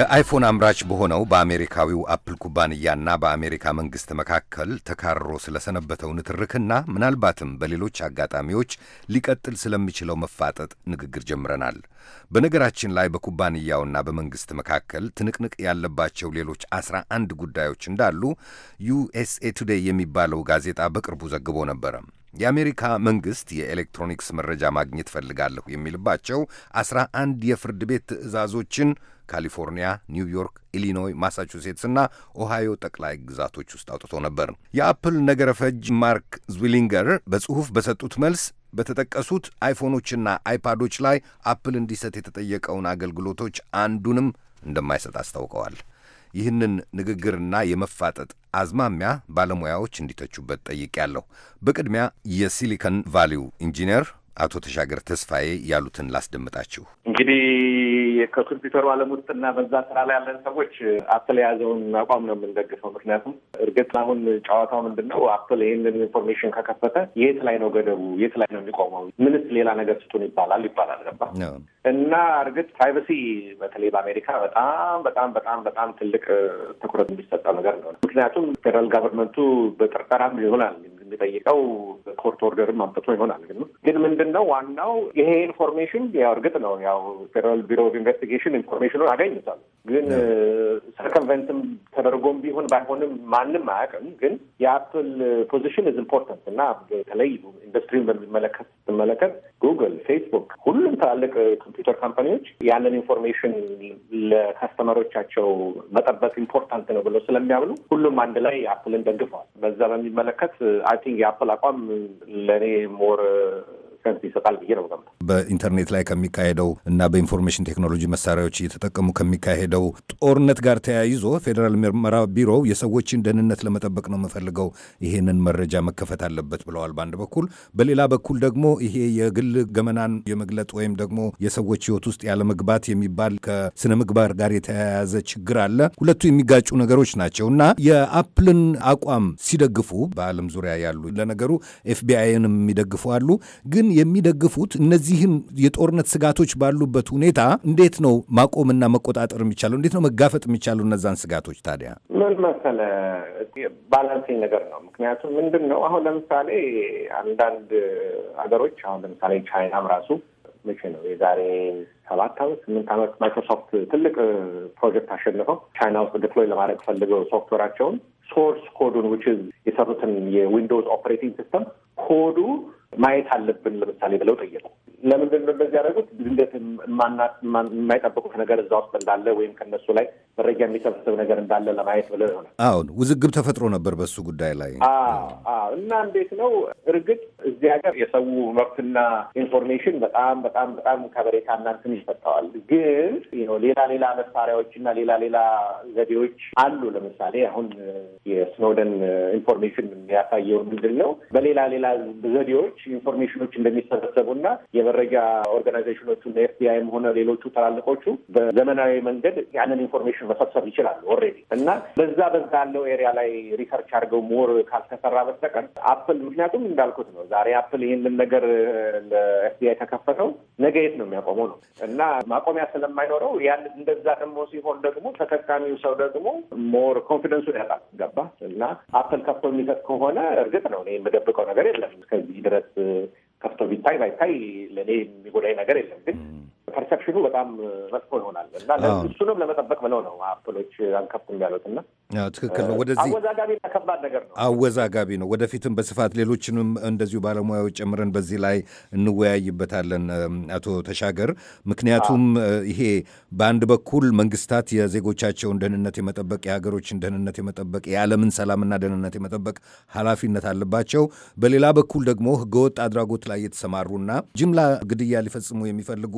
የአይፎን አምራች በሆነው በአሜሪካዊው አፕል ኩባንያና በአሜሪካ መንግሥት መካከል ተካርሮ ስለሰነበተው ንትርክና ምናልባትም በሌሎች አጋጣሚዎች ሊቀጥል ስለሚችለው መፋጠጥ ንግግር ጀምረናል። በነገራችን ላይ በኩባንያውና በመንግሥት መካከል ትንቅንቅ ያለባቸው ሌሎች አስራ አንድ ጉዳዮች እንዳሉ ዩኤስኤ ቱዴይ የሚባለው ጋዜጣ በቅርቡ ዘግቦ ነበረ። የአሜሪካ መንግሥት የኤሌክትሮኒክስ መረጃ ማግኘት ፈልጋለሁ የሚልባቸው አስራ አንድ የፍርድ ቤት ትዕዛዞችን ካሊፎርኒያ፣ ኒውዮርክ፣ ኢሊኖይ፣ ማሳቹሴትስ እና ኦሃዮ ጠቅላይ ግዛቶች ውስጥ አውጥቶ ነበር። የአፕል ነገረ ፈጅ ማርክ ዝዊሊንገር በጽሑፍ በሰጡት መልስ በተጠቀሱት አይፎኖችና አይፓዶች ላይ አፕል እንዲሰጥ የተጠየቀውን አገልግሎቶች አንዱንም እንደማይሰጥ አስታውቀዋል። ይህንን ንግግርና የመፋጠጥ አዝማሚያ ባለሙያዎች እንዲተቹበት ጠይቄያለሁ። በቅድሚያ የሲሊከን ቫሊው ኢንጂነር አቶ ተሻገር ተስፋዬ ያሉትን ላስደምጣችሁ። እንግዲህ ከኮምፒውተሩ ዓለም ውስጥ እና በዛ ስራ ላይ ያለን ሰዎች አፕል የያዘውን አቋም ነው የምንደግፈው። ምክንያቱም እርግጥ አሁን ጨዋታው ምንድን ነው? አፕል ይህንን ኢንፎርሜሽን ከከፈተ የት ላይ ነው ገደቡ? የት ላይ ነው የሚቆመው? ምንስ ሌላ ነገር ስጡን ይባላል ይባላል ገባ እና እርግጥ ፕራይቨሲ በተለይ በአሜሪካ በጣም በጣም በጣም በጣም ትልቅ ትኩረት የሚሰጠው ነገር ነው። ምክንያቱም ፌደራል ጋቨርንመንቱ በጥርጠራም ይሆናል የሚጠይቀው ኮርት ኦርደርም አምጥቶ ይሆናል። ግን ግን ምንድን ነው ዋናው ይሄ ኢንፎርሜሽን ያው እርግጥ ነው ያው ፌደራል ቢሮ ኦፍ ኢንቨስቲጌሽን ኢንፎርሜሽኑን አገኝቷል። ግን ሰርከምቨንትም ተደርጎም ቢሆን ባይሆንም ማንም አያውቅም። ግን የአፕል ፖዚሽን ኢዝ ኢምፖርታንት እና በተለይ ኢንዱስትሪን በሚመለከት ስመለከት ጉግል፣ ፌስቡክ ሁሉም ትላልቅ ኮምፒውተር ካምፓኒዎች ያንን ኢንፎርሜሽን ለከስተመሮቻቸው መጠበቅ ኢምፖርታንት ነው ብለው ስለሚያምኑ ሁሉም አንድ ላይ አፕልን ደግፈዋል። በዛ በሚመለከት አይ ቲንክ የአፕል አቋም ለእኔ ሞር ሰንስ ይሰጣል ብዬ ነው ገምተው። በኢንተርኔት ላይ ከሚካሄደው እና በኢንፎርሜሽን ቴክኖሎጂ መሳሪያዎች እየተጠቀሙ ከሚካሄደው ጦርነት ጋር ተያይዞ ፌዴራል ምርመራ ቢሮው የሰዎችን ደህንነት ለመጠበቅ ነው የምፈልገው፣ ይሄንን መረጃ መከፈት አለበት ብለዋል በአንድ በኩል። በሌላ በኩል ደግሞ ይሄ የግል ገመናን የመግለጥ ወይም ደግሞ የሰዎች ህይወት ውስጥ ያለመግባት የሚባል ከስነ ምግባር ጋር የተያያዘ ችግር አለ። ሁለቱ የሚጋጩ ነገሮች ናቸው እና የአፕልን አቋም ሲደግፉ በዓለም ዙሪያ ያሉ ለነገሩ ኤፍቢአይንም የሚደግፉ አሉ ግን የሚደግፉት እነዚህን የጦርነት ስጋቶች ባሉበት ሁኔታ እንዴት ነው ማቆምና መቆጣጠር የሚቻለው? እንዴት ነው መጋፈጥ የሚቻለው እነዛን ስጋቶች? ታዲያ ምን መሰለ ባላንሲንግ ነገር ነው። ምክንያቱም ምንድን ነው አሁን ለምሳሌ አንዳንድ ሀገሮች አሁን ለምሳሌ ቻይናም ራሱ መቼ ነው የዛሬ ሰባት አመት ስምንት አመት ማይክሮሶፍት ትልቅ ፕሮጀክት አሸንፈው ቻይና ውስጥ ዲፕሎይ ለማድረግ ፈልገው ሶፍትዌራቸውን ሶርስ ኮዱን ዊች የሰሩትን የዊንዶውስ ኦፕሬቲንግ ሲስተም ኮዱ ማየት አለብን ለምሳሌ ብለው ጠየቁ። ለምንድን ነው እንደዚህ ያደረጉት? እንዴት የማይጠብቁት ነገር እዛ ውስጥ እንዳለ ወይም ከነሱ ላይ መረጃ የሚሰበስብ ነገር እንዳለ ለማየት ብለው ሆነ። አሁን ውዝግብ ተፈጥሮ ነበር በሱ ጉዳይ ላይ እና እንዴት ነው እርግጥ እዚህ ሀገር የሰው መብትና ኢንፎርሜሽን በጣም በጣም በጣም ከበሬታ እናንትን እንትን ይሰጠዋል። ግን ሌላ ሌላ መሳሪያዎች እና ሌላ ሌላ ዘዴዎች አሉ። ለምሳሌ አሁን የስኖደን ኢንፎርሜሽን የሚያሳየው ምንድን ነው በሌላ ሌላ ዘዴዎች ኢንፎርሜሽኖች እንደሚሰበሰቡና የመረጃ ኦርጋናይዜሽኖቹ ኤፍቢአይም ሆነ ሌሎቹ ታላልቆቹ በዘመናዊ መንገድ ያንን ኢንፎርሜሽን መሰብሰብ ይችላሉ ኦልሬዲ እና በዛ በዛ ያለው ኤሪያ ላይ ሪሰርች አድርገው ሞር ካልተሰራ በስተቀር አፕል ምክንያቱም እንዳልኩት ነው ዛሬ አፕል ይህንን ነገር ለኤፍቢአይ ተከፈተው ነገ የት ነው የሚያቆመው ነው እና ማቆሚያ ስለማይኖረው ያን እንደዛ ደግሞ ሲሆን ደግሞ ተጠቃሚው ሰው ደግሞ ሞር ኮንፊደንሱን ያጣል ገባ እና አፕል ከፍቶ የሚሰጥ ከሆነ እርግጥ ነው የምደብቀው ነገር የለም እስከዚህ ድረስ 是。ከፍቶ ቢታይ ባይታይ ለእኔ የሚጎዳኝ ነገር የለም። ግን ፐርሰፕሽኑ በጣም መጥፎ ይሆናል እና እሱንም ለመጠበቅ ብለው ነው አፕሎች አንከፍትም ያሉት እና ትክክል ነው። ወደዚህ አወዛጋቢ እና ከባድ ነገር ነው። አወዛጋቢ ነው። ወደፊትም በስፋት ሌሎችንም እንደዚሁ ባለሙያዎች ጨምረን በዚህ ላይ እንወያይበታለን አቶ ተሻገር። ምክንያቱም ይሄ በአንድ በኩል መንግስታት የዜጎቻቸውን ደህንነት የመጠበቅ የሀገሮችን ደህንነት የመጠበቅ የዓለምን ሰላምና ደህንነት የመጠበቅ ኃላፊነት አለባቸው። በሌላ በኩል ደግሞ ህገወጥ አድራጎት ላይ የተሰማሩና ጅምላ ግድያ ሊፈጽሙ የሚፈልጉ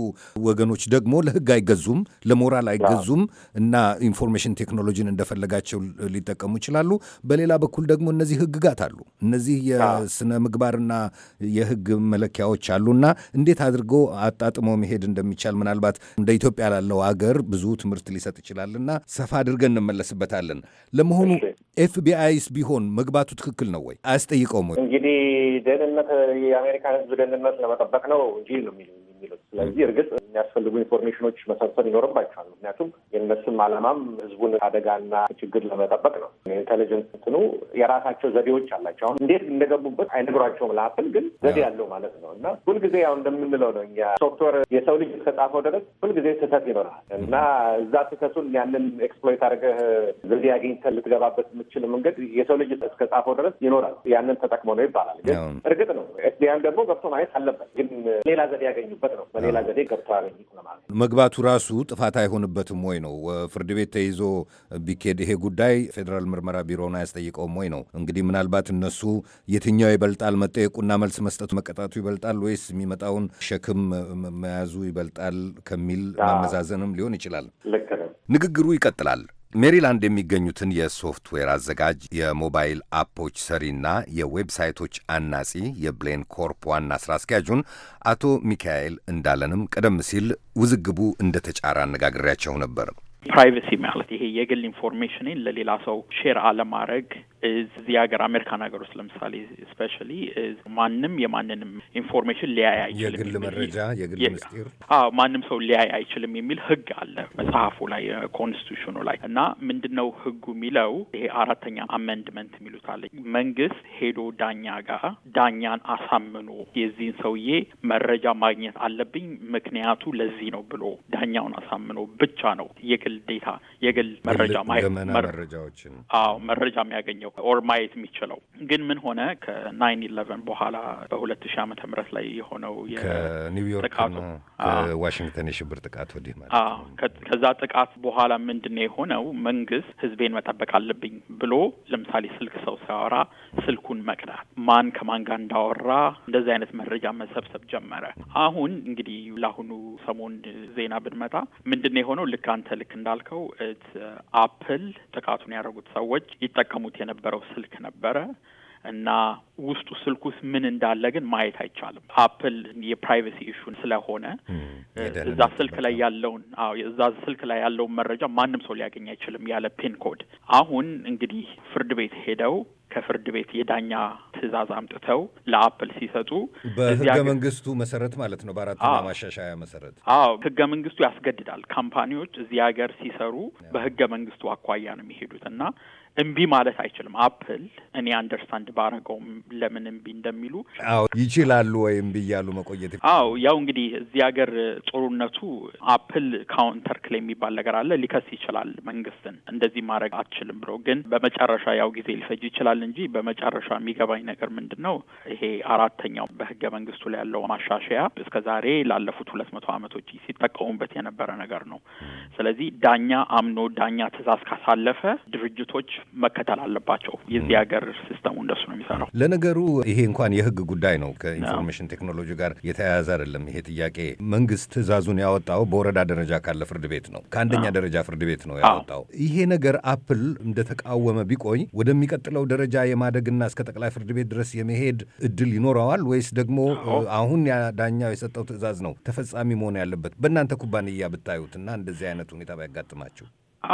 ወገኖች ደግሞ ለህግ አይገዙም፣ ለሞራል አይገዙም እና ኢንፎርሜሽን ቴክኖሎጂን እንደፈለጋቸው ሊጠቀሙ ይችላሉ። በሌላ በኩል ደግሞ እነዚህ ህግጋት አሉ፣ እነዚህ የስነ ምግባርና የህግ መለኪያዎች አሉና እንዴት አድርጎ አጣጥሞ መሄድ እንደሚቻል ምናልባት እንደ ኢትዮጵያ ላለው አገር ብዙ ትምህርት ሊሰጥ ይችላልና ሰፋ አድርገን እንመለስበታለን። ለመሆኑ ኤፍቢአይስ ቢሆን መግባቱ ትክክል ነው ወይ? አያስጠይቀውም ወይ? እንግዲህ ደህንነት የአሜሪካ የህዝብ ደህንነት ለመጠበቅ ነው እንጂ ነው የሚሉ የሚሉት። ስለዚህ እርግጥ የሚያስፈልጉ ኢንፎርሜሽኖች መሰብሰብ ይኖርባቸዋል። ምክንያቱም የእነሱም አላማም ህዝቡን አደጋና ችግር ለመጠበቅ ነው። ኢንቴሊጀንስ እንትኑ የራሳቸው ዘዴዎች አላቸው። አሁን እንዴት እንደገቡበት አይነግሯቸውም ለአፕል፣ ግን ዘዴ ያለው ማለት ነው እና ሁልጊዜ ያው እንደምንለው ነው እኛ ሶፍትዌር የሰው ልጅ እስከጻፈው ድረስ ሁልጊዜ ስህተት ይኖራል እና እዛ ስህተቱን ያንን ኤክስፕሎይት አድርገህ ዘዴ አግኝተህ ልትገባበት የምችል መንገድ የሰው ልጅ እስከጻፈው ድረስ ይኖራል። ያንን ተጠቅሞ ነው ይባላል። ግን እርግጥ ነው ኤፍቢአይም ደግሞ ገብቶ ማየት አለበት። ግን ሌላ ዘዴ ያገኙበት ማለት ነው። በሌላ ዘዴ ገብቶ ያገኙት ለማለት ነው። መግባቱ ራሱ ጥፋት አይሆንበትም ወይ ነው? ፍርድ ቤት ተይዞ ቢኬድ ይሄ ጉዳይ ፌዴራል ምርመራ ቢሮውን አያስጠይቀውም ወይ ነው? እንግዲህ ምናልባት እነሱ የትኛው ይበልጣል መጠየቁና መልስ መስጠቱ መቀጣቱ ይበልጣል ወይስ የሚመጣውን ሸክም መያዙ ይበልጣል ከሚል ማመዛዘንም ሊሆን ይችላል። ልክ ነው። ንግግሩ ይቀጥላል። ሜሪላንድ የሚገኙትን የሶፍትዌር አዘጋጅ የሞባይል አፖች ሰሪና የዌብሳይቶች አናጺ የብሌን ኮርፕ ዋና ስራ አስኪያጁን አቶ ሚካኤል እንዳለንም ቀደም ሲል ውዝግቡ እንደተጫረ አነጋግሬያቸው ነበር። ፕራይቬሲ ማለት ይሄ የግል ኢንፎርሜሽንን ለሌላ ሰው ሼር አለማድረግ እዚህ ሀገር አሜሪካን ሀገር ውስጥ ለምሳሌ ስፔሻሊ ማንም የማንንም ኢንፎርሜሽን ሊያይ አይችልም። የግል መረጃ የግል ምስጢር ማንም ሰው ሊያይ አይችልም የሚል ህግ አለ መጽሐፉ ላይ ኮንስቲቱሽኑ ላይ እና ምንድን ነው ህጉ የሚለው ይሄ አራተኛ አመንድመንት የሚሉት አለ መንግስት ሄዶ ዳኛ ጋር ዳኛን አሳምኖ የዚህን ሰውዬ መረጃ ማግኘት አለብኝ ምክንያቱ ለዚህ ነው ብሎ ዳኛውን አሳምኖ ብቻ ነው የግል የግል ዴታ የግል መረጃ መረጃዎችን አዎ መረጃ የሚያገኘው ኦር ማየት የሚችለው ግን ምን ሆነ ከናይን ኢለቨን በኋላ በሁለት ሺህ ዓመተ ምህረት ላይ የሆነው ከኒውዮርክ ዋሽንግተን የሽብር ጥቃት ወዲህ ማለት ከዛ ጥቃት በኋላ ምንድን ነው የሆነው? መንግስት ህዝቤን መጠበቅ አለብኝ ብሎ ለምሳሌ ስልክ ሰው ሲያወራ ስልኩን መቅዳት፣ ማን ከማን ጋር እንዳወራ እንደዚህ አይነት መረጃ መሰብሰብ ጀመረ። አሁን እንግዲህ ለአሁኑ ሰሞን ዜና ብንመጣ ምንድን ነው የሆነው? ልክ አንተ ልክ እንዳልከው አፕል ጥቃቱን ያደረጉት ሰዎች ይጠቀሙት የነበረው ስልክ ነበረ እና ውስጡ ስልክ ውስጥ ምን እንዳለ ግን ማየት አይቻልም። አፕል የፕራይቬሲ ኢሹን ስለሆነ እዛ ስልክ ላይ ያለውን አዎ እዛ ስልክ ላይ ያለውን መረጃ ማንም ሰው ሊያገኝ አይችልም ያለ ፒን ኮድ። አሁን እንግዲህ ፍርድ ቤት ሄደው ከፍርድ ቤት የዳኛ ትዕዛዝ አምጥተው ለአፕል ሲሰጡ በህገ መንግስቱ መሰረት ማለት ነው። በአራተኛ ማሻሻያ መሰረት አዎ፣ ህገ መንግስቱ ያስገድዳል። ካምፓኒዎች እዚህ ሀገር ሲሰሩ በህገ መንግስቱ አኳያ ነው የሚሄዱት እና እምቢ ማለት አይችልም። አፕል እኔ አንደርስታንድ ባረገውም ለምን እምቢ እንደሚሉ አዎ ይችላሉ ወይ እምቢ እያሉ መቆየት። አዎ ያው እንግዲህ እዚህ ሀገር ጥሩነቱ አፕል ካውንተር ክሌ የሚባል ነገር አለ። ሊከስ ይችላል መንግስትን፣ እንደዚህ ማድረግ አትችልም ብሎ ግን በመጨረሻ ያው ጊዜ ሊፈጅ ይችላል እንጂ በመጨረሻ የሚገባኝ ነገር ምንድን ነው ይሄ አራተኛው በህገ መንግስቱ ላይ ያለው ማሻሻያ እስከ ዛሬ ላለፉት ሁለት መቶ አመቶች ሲጠቀሙበት የነበረ ነገር ነው። ስለዚህ ዳኛ አምኖ ዳኛ ትእዛዝ ካሳለፈ ድርጅቶች መከተል አለባቸው። የዚህ ሀገር ሲስተሙ እንደሱ ነው የሚሰራው። ለነገሩ ይሄ እንኳን የህግ ጉዳይ ነው፣ ከኢንፎርሜሽን ቴክኖሎጂ ጋር የተያያዘ አይደለም። ይሄ ጥያቄ መንግስት ትዕዛዙን ያወጣው በወረዳ ደረጃ ካለ ፍርድ ቤት ነው፣ ከአንደኛ ደረጃ ፍርድ ቤት ነው ያወጣው። ይሄ ነገር አፕል እንደተቃወመ ቢቆይ ወደሚቀጥለው ደረጃ የማደግና እስከ ጠቅላይ ፍርድ ቤት ድረስ የመሄድ እድል ይኖረዋል ወይስ ደግሞ አሁን ዳኛው የሰጠው ትዕዛዝ ነው ተፈጻሚ መሆን ያለበት? በእናንተ ኩባንያ ብታዩትና እንደዚህ አይነት ሁኔታ ባያጋጥማችሁ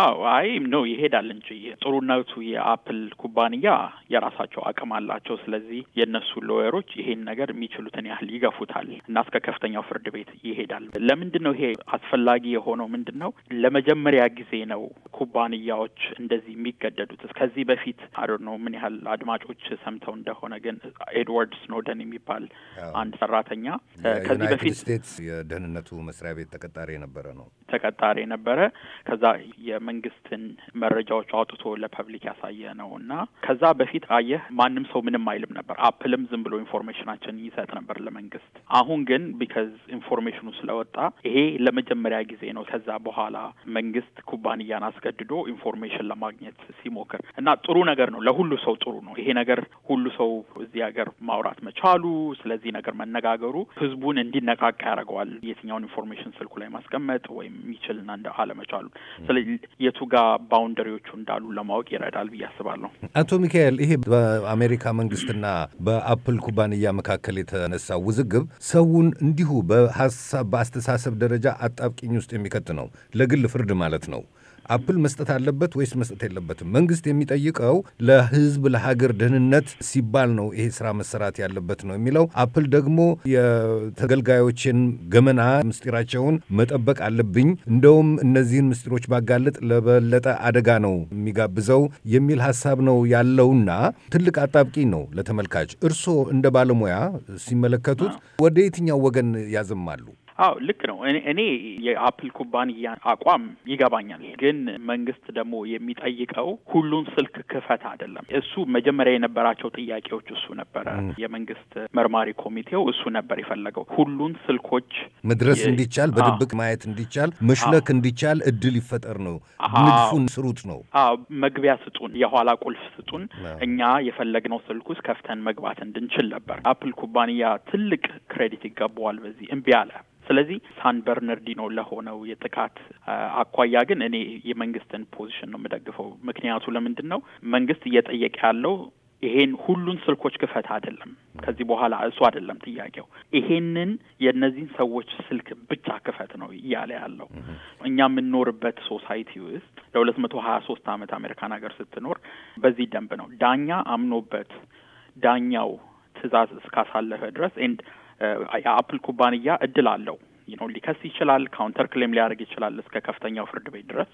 አዎ አይ ነው ይሄዳል እንጂ ጥሩነቱ የአፕል ኩባንያ የራሳቸው አቅም አላቸው። ስለዚህ የእነሱ ሎየሮች ይሄን ነገር የሚችሉትን ያህል ይገፉታል እና እስከ ከፍተኛው ፍርድ ቤት ይሄዳል። ለምንድን ነው ይሄ አስፈላጊ የሆነው? ምንድን ነው ለመጀመሪያ ጊዜ ነው ኩባንያዎች እንደዚህ የሚገደዱት። ከዚህ በፊት አዶ ነው ምን ያህል አድማጮች ሰምተው እንደሆነ ግን ኤድዋርድ ስኖደን የሚባል አንድ ሰራተኛ ከዚህ በፊት ስቴትስ የደህንነቱ መስሪያ ቤት ተቀጣሪ የነበረ ነው ተቀጣሪ የነበረ ከዛ የመንግስትን መረጃዎች አውጥቶ ለፐብሊክ ያሳየ ነው እና ከዛ በፊት አየህ ማንም ሰው ምንም አይልም ነበር። አፕልም ዝም ብሎ ኢንፎርሜሽናችን ይሰጥ ነበር ለመንግስት። አሁን ግን ቢካዝ ኢንፎርሜሽኑ ስለወጣ ይሄ ለመጀመሪያ ጊዜ ነው ከዛ በኋላ መንግስት ኩባንያን አስገድዶ ኢንፎርሜሽን ለማግኘት ሲሞክር እና ጥሩ ነገር ነው። ለሁሉ ሰው ጥሩ ነው ይሄ ነገር። ሁሉ ሰው እዚህ ሀገር ማውራት መቻሉ፣ ስለዚህ ነገር መነጋገሩ ህዝቡን እንዲነቃቃ ያደርገዋል። የትኛውን ኢንፎርሜሽን ስልኩ ላይ ማስቀመጥ ወይም የሚችልና እንደ አለመቻሉ። ስለዚህ የቱጋ ባውንደሪዎቹ እንዳሉ ለማወቅ ይረዳል ብዬ አስባለሁ። አቶ ሚካኤል፣ ይሄ በአሜሪካ መንግስትና በአፕል ኩባንያ መካከል የተነሳው ውዝግብ ሰውን እንዲሁ በሀሳብ በአስተሳሰብ ደረጃ አጣብቂኝ ውስጥ የሚከት ነው፣ ለግል ፍርድ ማለት ነው። አፕል መስጠት አለበት ወይስ መስጠት የለበትም? መንግስት የሚጠይቀው ለህዝብ ለሀገር ደህንነት ሲባል ነው ይሄ ስራ መሰራት ያለበት ነው የሚለው። አፕል ደግሞ የተገልጋዮችን ገመና ምስጢራቸውን መጠበቅ አለብኝ፣ እንደውም እነዚህን ምስጢሮች ባጋለጥ ለበለጠ አደጋ ነው የሚጋብዘው የሚል ሀሳብ ነው ያለውና ትልቅ አጣብቂ ነው ለተመልካች። እርስዎ እንደ ባለሙያ ሲመለከቱት ወደ የትኛው ወገን ያዘማሉ? አዎ ልክ ነው። እኔ የአፕል ኩባንያ አቋም ይገባኛል። ግን መንግስት ደግሞ የሚጠይቀው ሁሉን ስልክ ክፈት አይደለም። እሱ መጀመሪያ የነበራቸው ጥያቄዎች እሱ ነበረ። የመንግስት መርማሪ ኮሚቴው እሱ ነበር የፈለገው ሁሉን ስልኮች መድረስ እንዲቻል፣ በድብቅ ማየት እንዲቻል፣ መሽለክ እንዲቻል እድል ይፈጠር ነው። ንድፉን ስሩት ነው። አዎ መግቢያ ስጡን፣ የኋላ ቁልፍ ስጡን፣ እኛ የፈለግነው ስልክ ውስጥ ከፍተን መግባት እንድንችል ነበር። አፕል ኩባንያ ትልቅ ክሬዲት ይገባዋል በዚህ እምቢ አለ። ስለዚህ ሳን በርነርዲኖ ለሆነው የጥቃት አኳያ ግን እኔ የመንግስትን ፖዚሽን ነው የምደግፈው። ምክንያቱ ለምንድን ነው መንግስት እየጠየቀ ያለው ይሄን ሁሉን ስልኮች ክፈት አይደለም። ከዚህ በኋላ እሱ አይደለም ጥያቄው፣ ይሄንን የእነዚህን ሰዎች ስልክ ብቻ ክፈት ነው እያለ ያለው። እኛ የምንኖርበት ሶሳይቲ ውስጥ ለሁለት መቶ ሀያ ሶስት አመት አሜሪካን ሀገር ስትኖር በዚህ ደንብ ነው ዳኛ አምኖበት ዳኛው ትእዛዝ እስካሳለፈ ድረስ ኤንድ የአፕል ኩባንያ እድል አለው ነው ሊከስ ይችላል። ካውንተር ክሌም ሊያደርግ ይችላል እስከ ከፍተኛው ፍርድ ቤት ድረስ።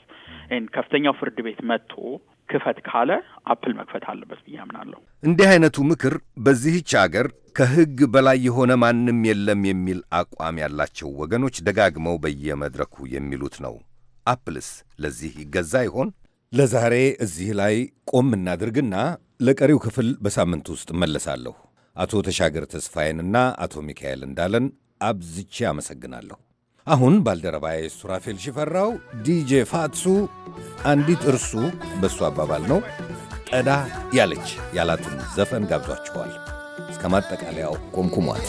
ን ከፍተኛው ፍርድ ቤት መጥቶ ክፈት ካለ አፕል መክፈት አለበት ብዬ አምናለሁ። እንዲህ አይነቱ ምክር በዚህች አገር ከህግ በላይ የሆነ ማንም የለም የሚል አቋም ያላቸው ወገኖች ደጋግመው በየመድረኩ የሚሉት ነው። አፕልስ ለዚህ ይገዛ ይሆን? ለዛሬ እዚህ ላይ ቆም እናድርግና ለቀሪው ክፍል በሳምንት ውስጥ እመለሳለሁ። አቶ ተሻገር ተስፋዬንና አቶ ሚካኤል እንዳለን አብዝቼ አመሰግናለሁ። አሁን ባልደረባዬ ሱራፌል ሽፈራው ዲጄ ፋትሱ አንዲት እርሱ በእሱ አባባል ነው ጠዳ ያለች ያላትን ዘፈን ጋብዟችኋል። እስከ ማጠቃለያው ቆምኩሟት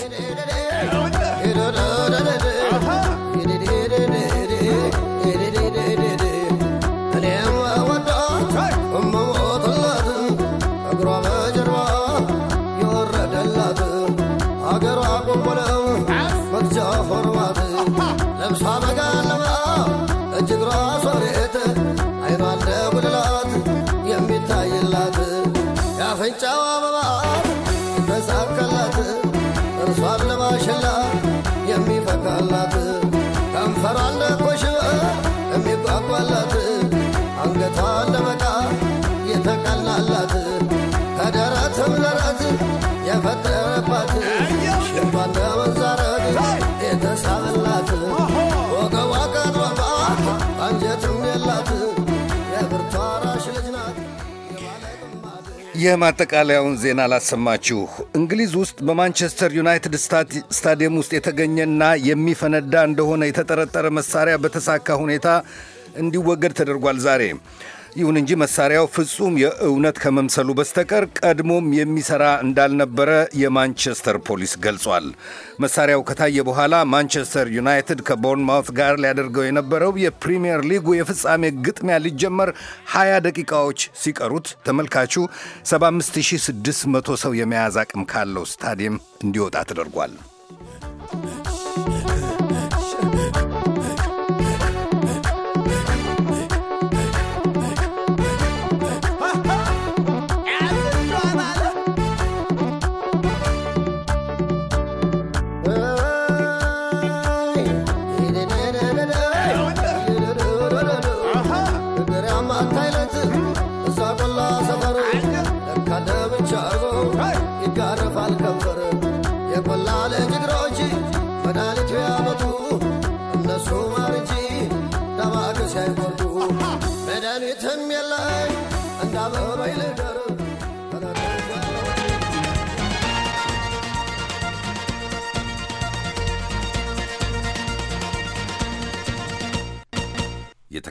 አላት ከንፈራለ ቆሽ የሚጓጓላት አንገቷ ለመቃ የተቀላላት ከደረት ለራት። የማጠቃለያውን ዜና ላሰማችሁ እንግሊዝ ውስጥ በማንቸስተር ዩናይትድ ስታዲየም ውስጥ የተገኘና የሚፈነዳ እንደሆነ የተጠረጠረ መሳሪያ በተሳካ ሁኔታ እንዲወገድ ተደርጓል ዛሬ ይሁን እንጂ መሳሪያው ፍጹም የእውነት ከመምሰሉ በስተቀር ቀድሞም የሚሰራ እንዳልነበረ የማንቸስተር ፖሊስ ገልጿል። መሳሪያው ከታየ በኋላ ማንቸስተር ዩናይትድ ከቦርንማውት ጋር ሊያደርገው የነበረው የፕሪምየር ሊጉ የፍጻሜ ግጥሚያ ሊጀመር 20 ደቂቃዎች ሲቀሩት ተመልካቹ 75600 ሰው የመያዝ አቅም ካለው ስታዲየም እንዲወጣ ተደርጓል።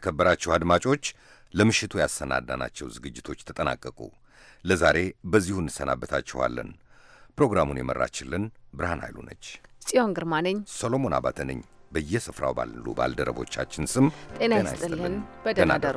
የተከበራችሁ አድማጮች ለምሽቱ ያሰናዳናቸው ዝግጅቶች ተጠናቀቁ። ለዛሬ በዚሁ እንሰናበታችኋለን። ፕሮግራሙን የመራችልን ብርሃን ኃይሉ ነች። ጽዮን ግርማ ነኝ። ሰሎሞን አባተ ነኝ። በየስፍራው ባሉ ባልደረቦቻችን ስም ጤና ይስጥልን። በደህና ደሩ።